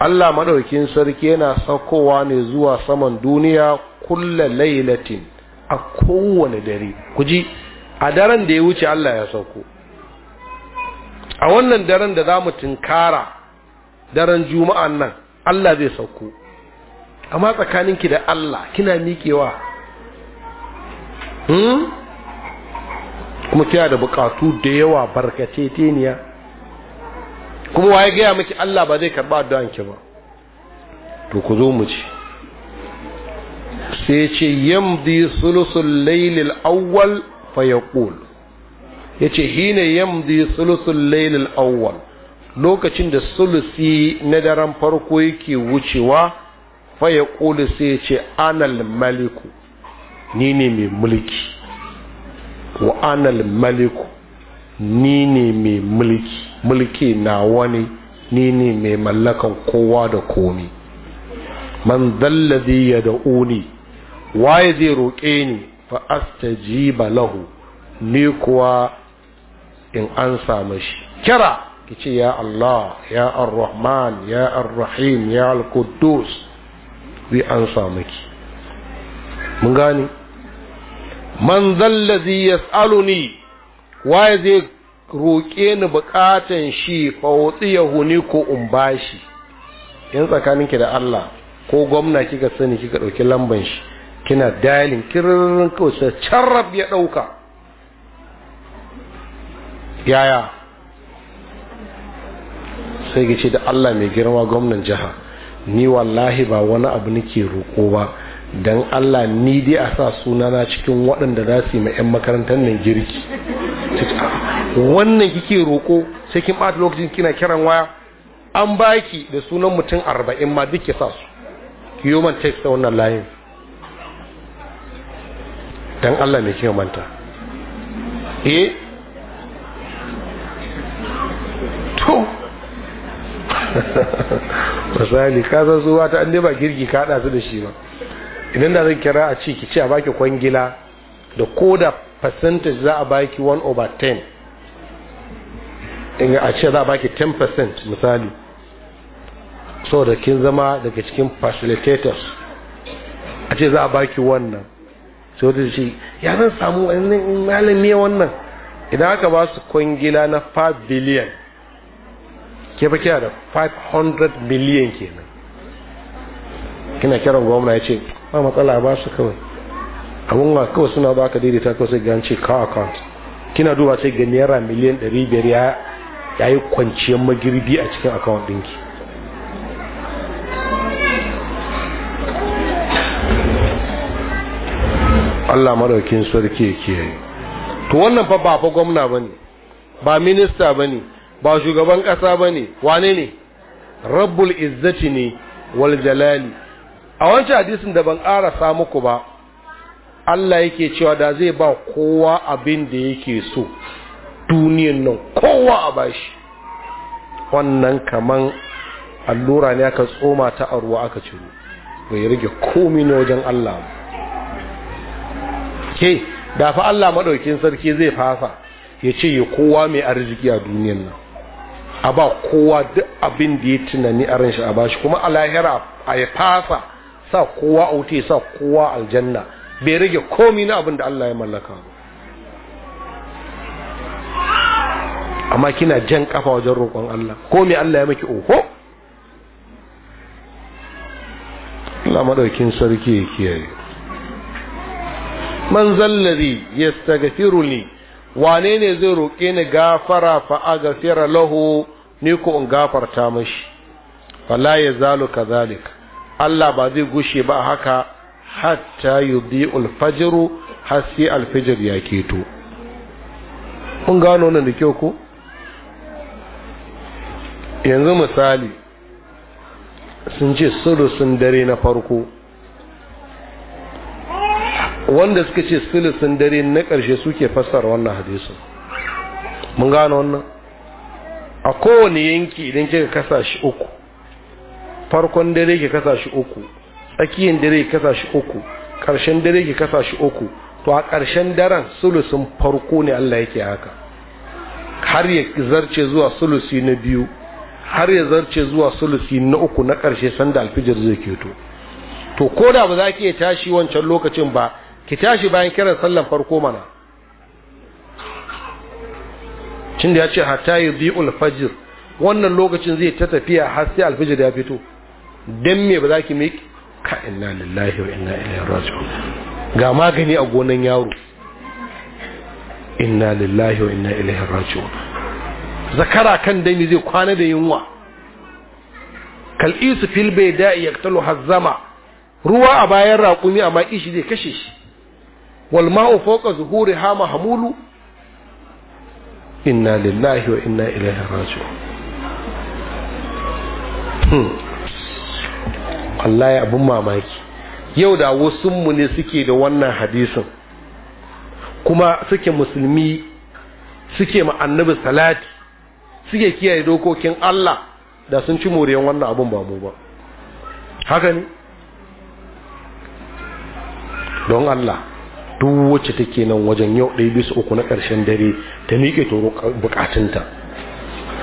Allah maɗaukin sarki yana saukowa ne zuwa saman duniya kulla lailatin a kowane dare ku ji a daren da ya wuce Allah ya sauko a wannan daren da za mu tunkara daren juma'an nan Allah zai sauko amma tsakaninki da Allah kina miƙewa hmm? kuma kina da bukatu da yawa barkace teniya kuma waye gaya miki Allah ba zai karba addu'an ki ba to ku zo mu ci sai ce yamdi sulusul laylil awwal fa yaqul yace hina yamdi sulusul laylil awwal lokacin da sulusi na daren farko yake wucewa fa yaqul sai ce anal maliku ni ne mai mulki wa anal maliku ni ne mai mulki mulki na wani ni ne mai mallakan kowa da komi man zallazi ya Wa waye zai roƙe ni fa ji lahu ni kuwa in an samu shi kira ki ce ya Allah ya ar-Rahman ya ar-Rahim ya al zai an samu ki mun gani man zallazi yas'aluni waye zai roƙe ni buƙatan shi fa ya huni ko in bashi in tsakaninki da Allah ko gwamna kika sani kika ɗauki lamban shi kina dialing kirrin kawai sai carrab ya ɗauka yaya sai ki ce da Allah mai girma gwamnan jiha ni wallahi ba wani abu nake roƙo ba don allah ni dai a sa sunana cikin waɗanda za su yi ma 'yan makarantar nan girki ah, wannan kike roƙo sai kin ɓata lokacin kina kiran waya an baki da sunan mutum arba'in ma duk ya sa su human text ta wannan layin don allah mai kiyo manta eh to misali ka zuwa su wata an ba girki ka haɗa su da shi ba idan da zai kira a ciki ki ce a baki kwangila da ko da percentage za a baki 1 over 10 in a ce za a baki 10% misali so da kin zama daga cikin facilitators a ce za a baki wannan sai da shi ya zan samu wannan malami wannan idan aka ba su kwangila na 5 billion ke fa kira da 500 million kenan kina kiran gwamna ya ce ba matsala ba su kawai abun wa kawai suna ba ka daidaita kawai sai ce ka account kina duba sai ga naira miliyan 500 ya yayi kwanciyar magirbi a cikin account dinki Allah maraukin sarki ya kiyaye to wannan fa ba fa gwamna bane ba minista bane ba shugaban kasa bane wane ne rabbul izzati ne wal jalali a wancan hadisin da ban ƙara ƙarasa muku ba Allah yake cewa da zai ba kowa abin da yake so duniyan nan kowa a bashi wannan kaman allura ne aka tsoma ta a ruwa aka ciro bai rage komi na wajen Allah ke da Allah maɗaukin sarki zai fasa ya ce ya kowa mai arziki a duniyan nan a ba kowa duk abin da ya tunani a ran a bashi kuma a lahira a ya fasa sa kowa a wuce sa kowa aljanna bai rage komi na abin da Allah ya mallaka ba amma kina jan kafa wajen roƙon Allah ko Allah ya maki oho Allah madaukin sarki ya kiyaye man zallazi li wane ne zai roƙe ni gafara fa aghfira lahu ni ko in gafarta mashi fala yazalu kadhalika Allah ba zai gushe ba haka hatta yubi fajr har sai alfijir ya keto kun gano wannan da kyau ko yanzu misali sun ce sulusun dare na farko wanda suka ce sulusun dare na ƙarshe suke fassara wannan hadisin mun gano wannan a kowane yanki idan kika kasa shi uku farkon dare ki kasa shi uku tsakiyar dare ki kasa shi uku ƙarshen dare ki kasa shi uku to a ƙarshen daren sulusin farko ne Allah yake haka har ya zarce zuwa sulusi na biyu har ya zarce zuwa sulusi na uku na ƙarshe sanda alfijir zai keto to ko da ba za ki iya tashi wancan lokacin ba ki tashi bayan kiran sallan farko mana cin da ya ce hatta yi bi'ul fajir wannan lokacin zai ta tafiya har sai alfijir ya fito dan me ba za ki miki ka inna lillahi wa inna ilaihi raji'un ga magani a gonan yaro inna lillahi wa inna ilaihi raji'un zakara kan dani zai kwana da yunwa kal'isu fil bayda'i yaqtalu hazama ruwa a bayan raƙumi amma kishi zai kashe shi wal ma'u fawqa zuhuriha mahmulu inna lillahi wa inna ilaihi raji'un hmm. wallahi abin mamaki yau da wasu mu ne suke da wannan hadisin kuma suke musulmi suke ma annabi salati suke kiyaye dokokin Allah da sun ci moriyan wannan abin ba mu ba haka ne don Allah duk wacce take nan wajen yau ɗaya bisa uku na ƙarshen dare ta miƙe toro bukatunta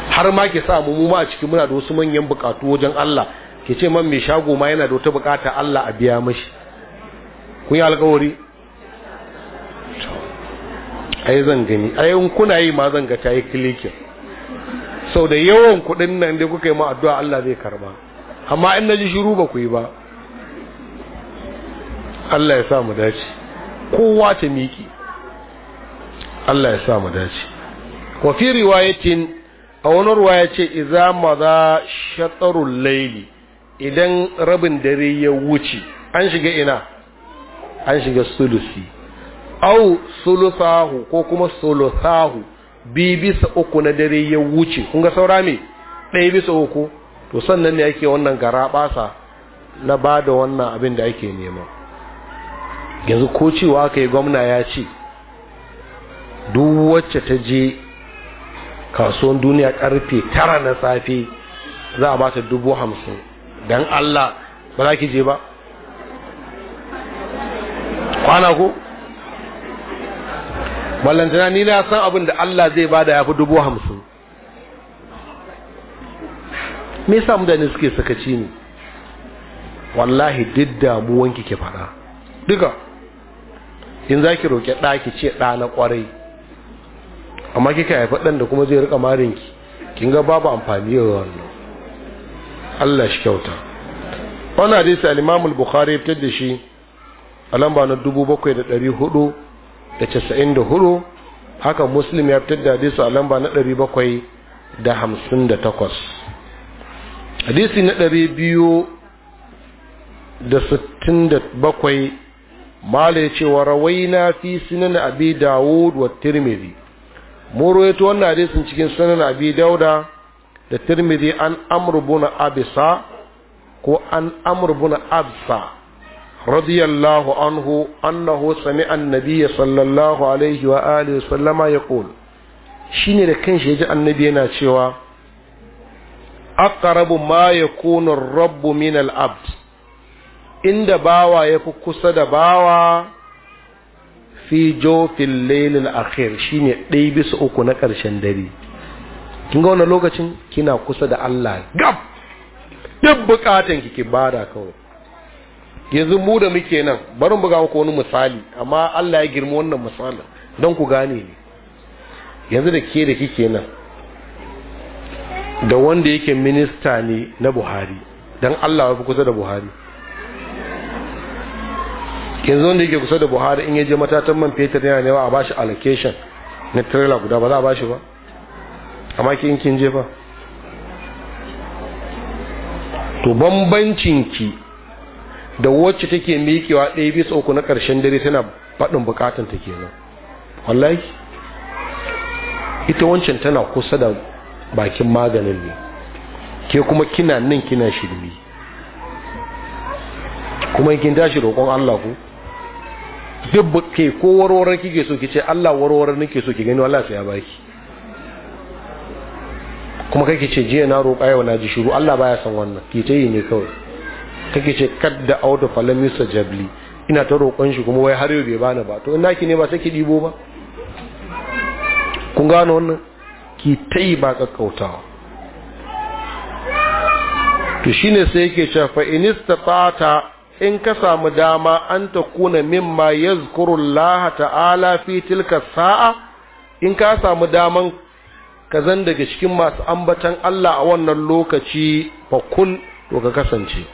har ma ke samu mu ma a cikin muna da wasu manyan bukatu wajen Allah ki ce man mai shago ma yana da wata bukata Allah a biya mashi kun yi alkawari ai zan gani ai in kuna yi ma zan ga tayi kilikin. sau da yawan kudin nan da kuka yi ma addu'a Allah zai karba amma in naji shiru ba ku yi ba Allah ya sa mu dace kowa ta miki Allah ya sa mu dace wa fi riwayatin a wani ruwa ya ce iza za shatarul laili idan rabin dare ya wuce an shiga ina an shiga sulusi au sulusahu ko kuma sulusahu bi bisa uku na dare ya wuce kun ga saura me ɗaya bisa uku to sannan ne ake wannan garaɓasa na bada wannan abin da ake nema yanzu ko cewa aka yi gwamna ya ce duk wacce ta je kasuwan duniya karfe tara na safe za a ba ta dubu hamsin dan Allah ba za ki je ba kwana ko ballantana ni na san abin da Allah zai bada ya fi dubu hamsin me yasa mutane suke sakaci ne wallahi duk damuwanki ke faɗa duka in za ki roƙe ɗa ki ce ɗa na kwarai. amma kika haifi ɗan da kuma zai riƙa marinki kin ga babu amfani yau wannan Allah shi kyauta wannan hadisi alimamul imam al-Bukhari ya fitar da shi a lamba na 7494 haka Muslim ya fitar da hadisi a lamba na 758 hadisi na 267 mala ya ce wa rawaina fi sunan abi dawud wa tirmidhi mu rawaito wannan hadisin cikin sunan abi dawuda da tirmidhi an amr abisa ko an amr ibn absa radiyallahu anhu annahu sami annabiya sallallahu alaihi wa alihi sallama Shi shine da kanshi ji annabi yana cewa aqrabu ma yakunu ar minal min al-abd inda bawa yafi kusa da bawa fi jofin lailin akhir shine ɗaya bisa uku na ƙarshen dare kin ga wannan lokacin kina kusa da Allah gab duk bukatun ki bada kawai yanzu mu da muke nan barin buga muku wani misali amma Allah ya girma wannan misali don ku gane ne yanzu da ke da kike nan da wanda yake minista ne na Buhari dan Allah ya fi kusa da Buhari yanzu wanda yake kusa da Buhari in ya je matatan man fetur yana ne ba a bashi allocation na trailer guda ba za a bashi ba amma kin kin je fa to bambancin ki da wacce take miƙewa ɗaya bisa uku na ƙarshen dare tana faɗin bukatun ta kenan wallahi ita wancan tana kusa da bakin maganin ne ke kuma kina nan kina shirme kuma kin tashi roƙon Allah ku duk ke ko warware kike so kice Allah warwarar nake so ki gani wallahi sai ya baki kuma kake ce jiya na roƙa yau na ji shiru Allah baya san wannan ke ta yi ne kawai kake ce kadda auda falamisa jabli ina ta roƙon shi kuma wai har yau bai bani ba to in naki ne ba sai ki dibo ba kun gano wannan ki ta yi ba kakkautawa to shine sai yake cewa fa in in ka samu dama an ta kuna mimma yazkurullah ta'ala fi tilka sa'a in ka samu daman kazan daga cikin masu ambatan Allah a wannan lokaci fa kun to ka kasance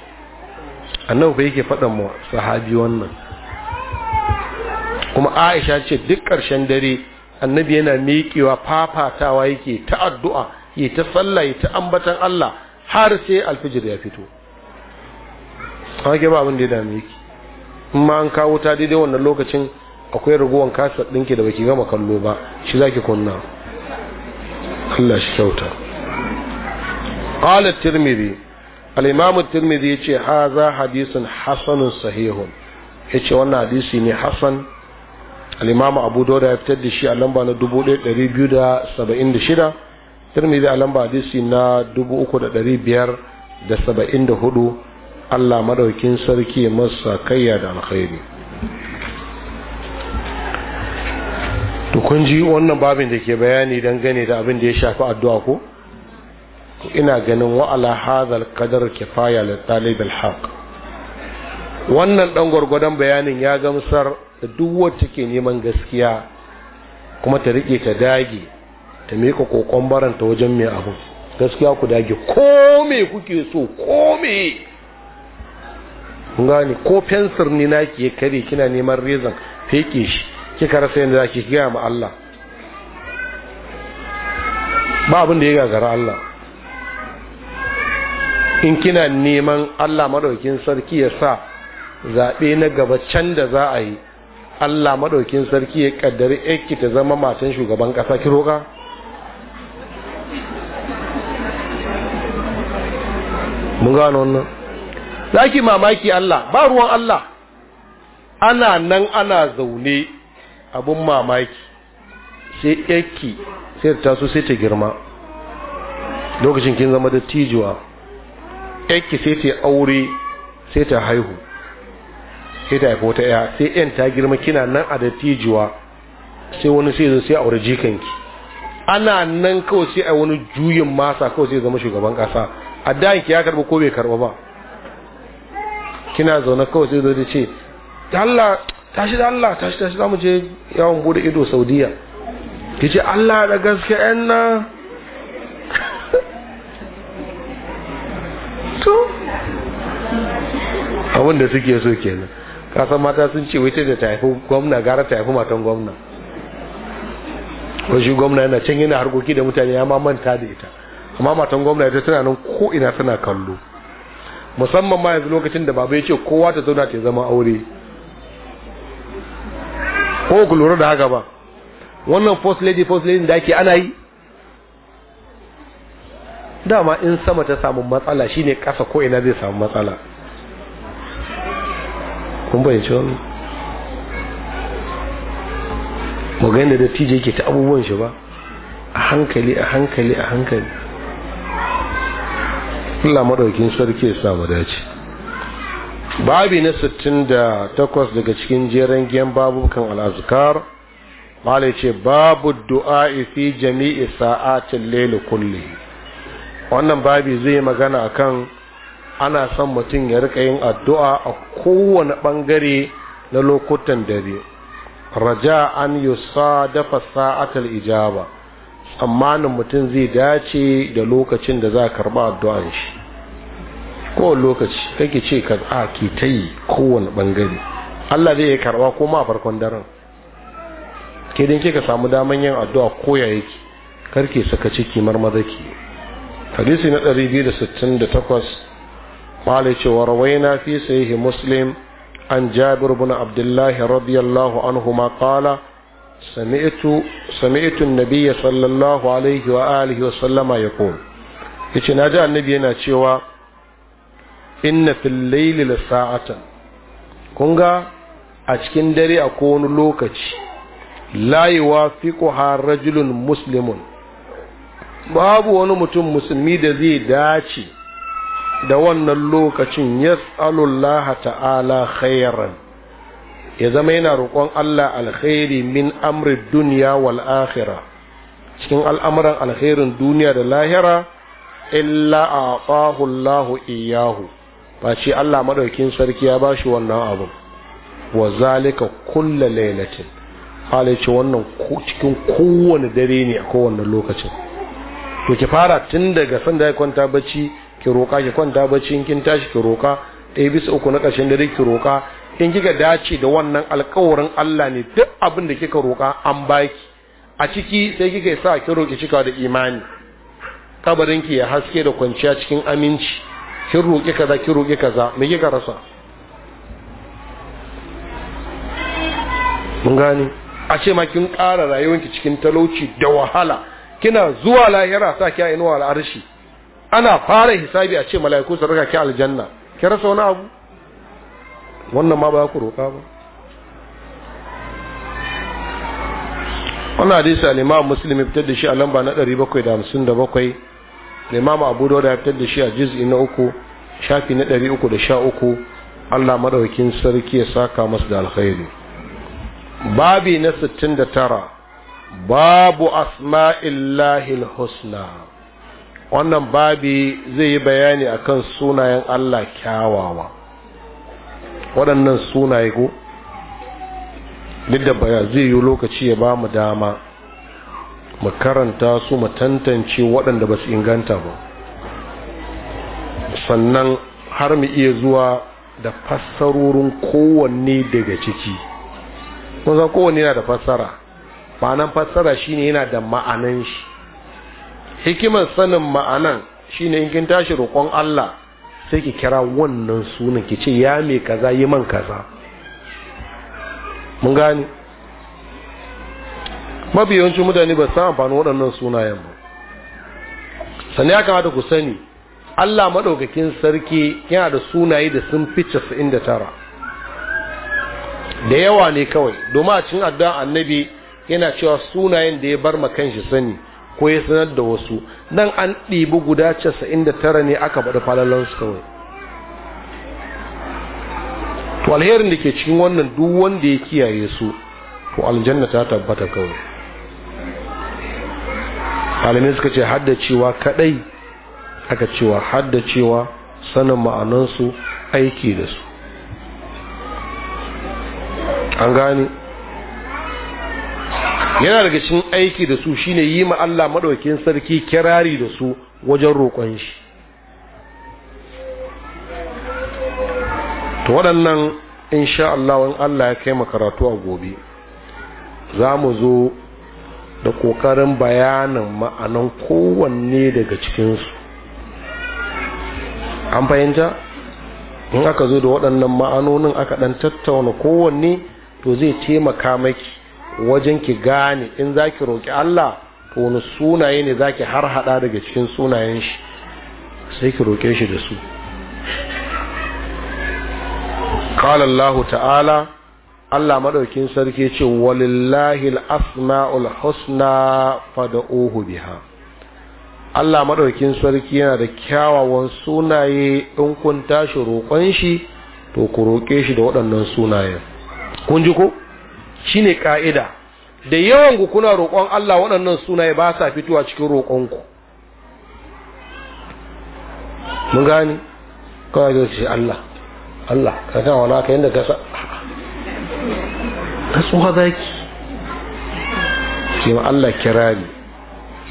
annabi ba yake fadan mu sahabi wannan kuma Aisha ce duk karshen dare annabi yana miƙewa fafatawa yake ta addu'a yake ta sallah yake ta ambatan Allah har sai alfijir ya fito kawai ba abin da ya dame ki in ma an kawo ta daidai wannan lokacin akwai raguwan kasar ɗinki da baki gama kallo ba shi zaki kunna Allah shi kyauta qala tirmidhi al-imam tirmidhi yace haza hadisun hasanun sahihun yace wannan hadisi ne hasan al-imam abu dawud ya fitar da shi a lamba na 1276 tirmidhi a lamba hadisi na 3574 Allah madaukin sarki masa kayya da alkhairi kun ji wannan babin da ke bayani don gane da abin da ya shafi addu'a ko ina ganin wa'ala hadhal qadar kifaya li talib al-haq wannan ɗan gwargwadon bayanin ya gamsar da duk wacce ke neman gaskiya kuma ta rike ta dage ta mika kokon baranta wajen mai abu gaskiya ku dage ko me kuke so ko me kun gane ko fensir ne naki ya kare kina neman rezan feke shi kika rasa yadda za ki gaya ma Allah ba abin da ya gagara Allah in kina neman Allah madaukin sarki ya sa zaɓe na gaba can da za a yi Allah madaukin sarki ya kaddari yake ta zama matan shugaban ƙasa ki roƙa mun gano wannan za ki mamaki Allah ba ruwan Allah ana nan ana zaune abun mamaki sai yakki sai ta so sai ta girma lokacin kin zama dattijuwa yakki sai ta aure sai ta haihu sai ta haifo ta ya sai yan ta girma kina nan a dattijuwa sai wani sai zo sai aure jikanki ana nan kawai sai a wani juyin masa kawai sai zama shugaban kasa a ki ya karba ko bai karba ba kina zaune kawai sai zo da ce Allah tashi da Allah tashi tashi za mu je yawon bude ido saudiya ki ce Allah da gaske yan nan
to
abin da suke so kenan kasan mata sun ce wita da taifi gwamna gara taifi matan gwamna wajen gwamna yana can yana harkoki da mutane ya mamanta da ita amma matan gwamna ita tana nan ko ina tana kallo musamman ma yanzu lokacin da babu ya ce kowa ta zauna ta zama aure ko ku lura da haka ba wannan first lady first lady da ake ana yi dama in sama ta samu matsala shine kasa ko ina zai samu matsala kun bayyance wani magana da tije ke ta abubuwan shi ba a hankali a hankali a hankali Allah madaukin sarki ya samu dace babi na takwas daga cikin jeren giyan babukan al'azukar malam ce babu du'a fi jami'i sa'atin lele kulli wannan babi zai magana akan ana son mutum ya rika yin addu'a a kowane bangare na lokutan dare raja an yusa dafa sa'atul ijaba tsammanin mutum zai dace da lokacin da za a karba addu'an shi kowane lokaci kake ce ka a ke ta yi kowane bangare Allah zai yi karba ko ma farkon daren ke dinke ka samu daman yin addu'a ko koya yake karke saka ciki marmaza ki hadisi na 268 malai ce wa na fi sahihi muslim an jabir bin abdullahi radiyallahu anhu ma kala sami'tu nabiya an sallallahu alaihi wa alihi wa sallama yaqul yace ji annabi yana cewa inna fil laili sa'atan kun ga a cikin dare a wani lokaci la yuwafiquha rajulun muslimun babu wani mutum musulmi da zai dace da wannan lokacin Allah ta'ala khairan ya zama yana roƙon Allah alkhairi min amri duniya wal akhirah cikin al'amuran alkhairin duniya da lahira illa a Allahu iyahu face Allah madaukin sarki ya bashi wannan abu wa zalika kulla lailatin hale ce wannan cikin kowane dare ne a kowane lokaci. to ki fara tun daga sanda ya kwanta bacci ki roka ki kwanta bacci in kin tashi ki roka ɗaya bisa uku na ƙarshen dare ki roka in kika dace da wannan alkawarin Allah ne duk abin da kika roka an baki a ciki sai kika sa ki roki cika da imani Kabarin ki ya haske da kwanciya cikin aminci kin roƙi kaza kin roƙi kaza me kika rasa mun gane a ce ma kin ƙara rayuwanki cikin talauci da wahala kina zuwa lahira sa ki ainihin al'arshi ana fara hisabi a ce mala'iku su raka ki aljanna ki rasa wani abu wannan ma ba ku roƙa ba wannan hadisi al-Imam Muslim ya fitar da shi a lamba na 757 imam abu da ya fitar da shi a juz'i na uku shafi na ɗari uku da sha uku allah maɗaukin sarki ya saka masu da alkhairi babi na sittin da tara babu asma'illahi husna wannan babi zai yi bayani akan sunayen allah kyawawa waɗannan sunaye ko duk da zai yi lokaci ya ba mu dama mu karanta su mu tantance waɗanda ba su inganta ba sannan har mu iya zuwa da fassarorin kowanne daga ciki kusan kowanne yana da fassara ma'anan fassara shine yana da ma'anan shi hikimar sanin ma'anan shine in kin tashi roƙon Allah sai ki kira wannan sunan ki ce ya me kaza yi man kaza mun gane mafi yawancin mutane ba san amfani waɗannan sunayen ba sani ya kamata ku sani Allah maɗaukakin sarki yana da sunaye da sun fi casa'in da tara da yawa ne kawai domin a cikin addu'an annabi yana cewa sunayen da ya bar makan shi sani ko ya sanar da wasu nan an ɗibi guda casa'in da tara ne aka baɗi falalansu kawai to alherin da ke cikin wannan duk wanda ya kiyaye su to aljanna ta tabbata kawai malamai suka ce hadda cewa kadai aka cewa hadda cewa sanin ma'anansu aiki da su an gane yana daga cikin aiki da su shine yi ma Allah madaukakin sarki kirari da su wajen roƙon shi to waɗannan insha Allah Allah ya kai makaratu a gobe za mu zo da ƙoƙarin bayanin ma'anan kowanne daga cikinsu an fahimta in aka zo da waɗannan ma'anonin aka ɗan tattauna kowanne to zai taimaka maki wajen ki gane in za ki roƙi Allah to wani sunaye ne za ki har haɗa daga cikin sunayen shi sai ki roƙe shi da su قال ta'ala. Allah madaukin sarki ce walillahi asmaul husna fad'uhu biha Allah madaukin sarki yana da kyawawan sunaye in kun tashi roƙon shi to ku roƙe shi da waɗannan sunayen kun ji ko shine ka'ida da yawan ku kuna roƙon Allah waɗannan sunaye ba sa fitowa cikin roƙon ku mun gani kawai da shi Allah Allah ka kana wani ka yanda ka sa na tsuwa zaki kima Allah kirari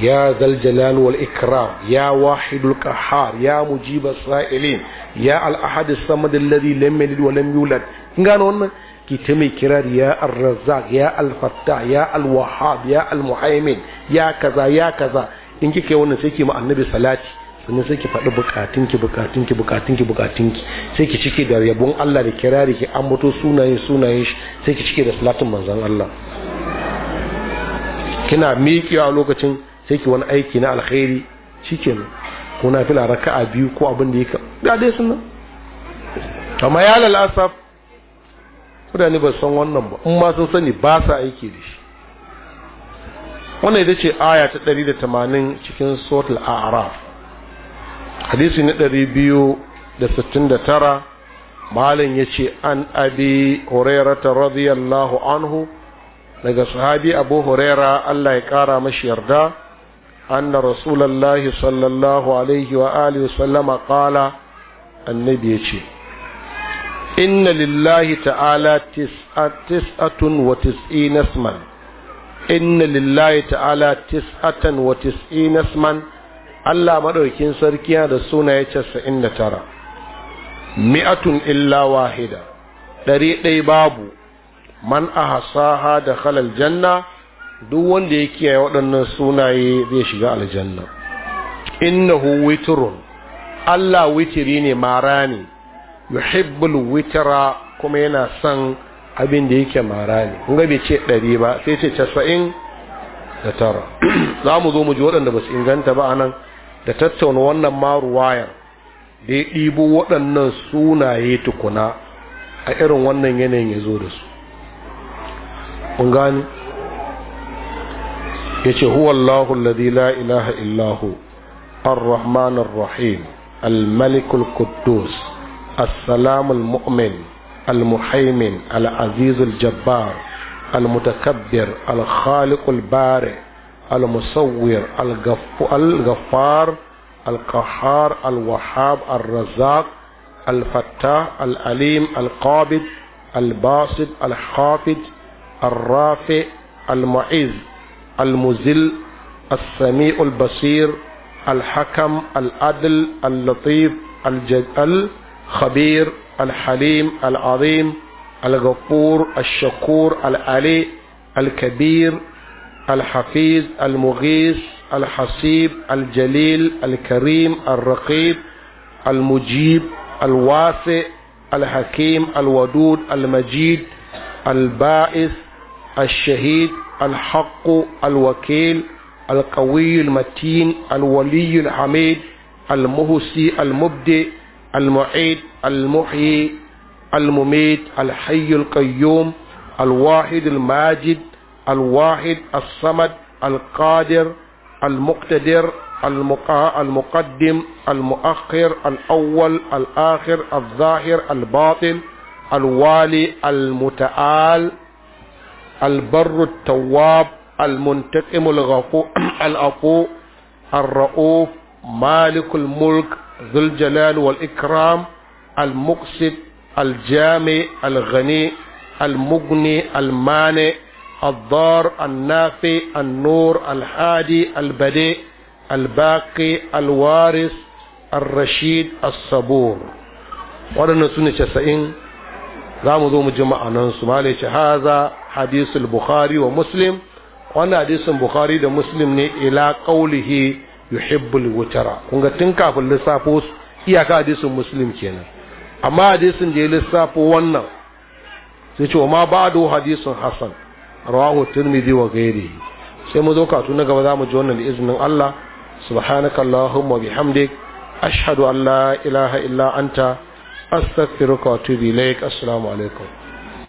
ya zaljalal wal ikram ya wahidul qahhar ya mujibas sa'ilin ya al ahad samad alladhi lam yalid wa lam yulad kin wannan ki ta mai kirari ya ar-razzaq ya al-fattah ya al-wahhab ya al-muhaimin ya kaza ya kaza in kike wannan sai ki ma annabi salati sannan sai ki faɗi bukatunki bukatunki bukatunki bukatunki sai ki cike da yabon Allah da kirari ki ambato sunayen sunayen shi sai ki cike da salatin manzon Allah kina miƙewa lokacin sai ki wani aiki na alkhairi ne ko na fila raka'a biyu ko abin da yake ga dai to ma ya lalasaf mutane ba san wannan ba in ma sun sani ba sa aiki da shi wannan ita ce aya ta 180 cikin suratul a'raf hadisi na ɗari biyu da da sittin tara, malam ya ce an abi ta radiyallahu anhu daga sahabi abu huraira allah ya kara mashi yarda an anna rasulallah sallallahu alaihi wa alihi sallama kala annabi ya ce inna lillahi ta'ala tis'atun wa tis'inasman inna lillahi ta'ala tis'atan wa tisi nasman. Allah maɗaukin sarki yana da sunaye casa'in da tara mi'atun illa wahida ɗari ɗaya babu man ahasaha da halal janna duk wanda ya kiyaye waɗannan sunaye zai shiga aljanna innahu witrun Allah witiri ne marani, ne yuhibbul witra kuma yana son abin da yake mara ne kun ga bai ce ɗari ba sai ce casa'in da tara za mu zo mu ji waɗanda ba su inganta ba a nan da tattauna wannan maruwayar da ya ɗibo waɗannan sunaye tukuna a irin wannan yanayin ya zo da su kun ya ce huwallahu alladhi la ilaha illahu ar-rahmanir rahim al-malikul quddus as-salamul mu'min al-muhaymin al-azizul jabbar al-mutakabbir al-khaliqul bari' المصور الغفار القهار الوهاب الرزاق الفتاح العليم القابض الباسط الحافظ الرافع المعز المزل السميع البصير الحكم العدل اللطيف الجدل الخبير الحليم العظيم الغفور الشكور العلي الكبير الحفيظ المغيث الحسيب الجليل الكريم الرقيب المجيب الواسع الحكيم الودود المجيد البائس الشهيد الحق الوكيل القوي المتين الولي الحميد المهسي المبدئ المعيد المحيي المميت الحي القيوم الواحد الماجد الواحد الصمد القادر المقتدر المقدم المؤخر الأول الآخر الظاهر الباطن الوالي المتعال البر التواب المنتقم الغفو الرؤوف مالك الملك ذو الجلال والإكرام المقسط الجامع الغني المغني المانع الضار النافع النور الحادي البديع الباقي الوارث الرشيد الصبور ولن سنة شسئين زام ذوم جمع ننسو ماليش هذا حديث البخاري ومسلم وانا حديث البخاري ده مسلم إلى قوله يحب الوترى كنت تنكا في اللصافوس إياك حديث مسلم كينا أما حديث جي لصافو وانا سيشو ما بعده حديث حسن rawahu tirmidhi wa ghairi sai mu zo katu na gaba zamu ji wannan da izinin Allah subhanaka allahumma bihamdik ashhadu an la ilaha illa anta astaghfiruka wa atubu ilaik assalamu alaikum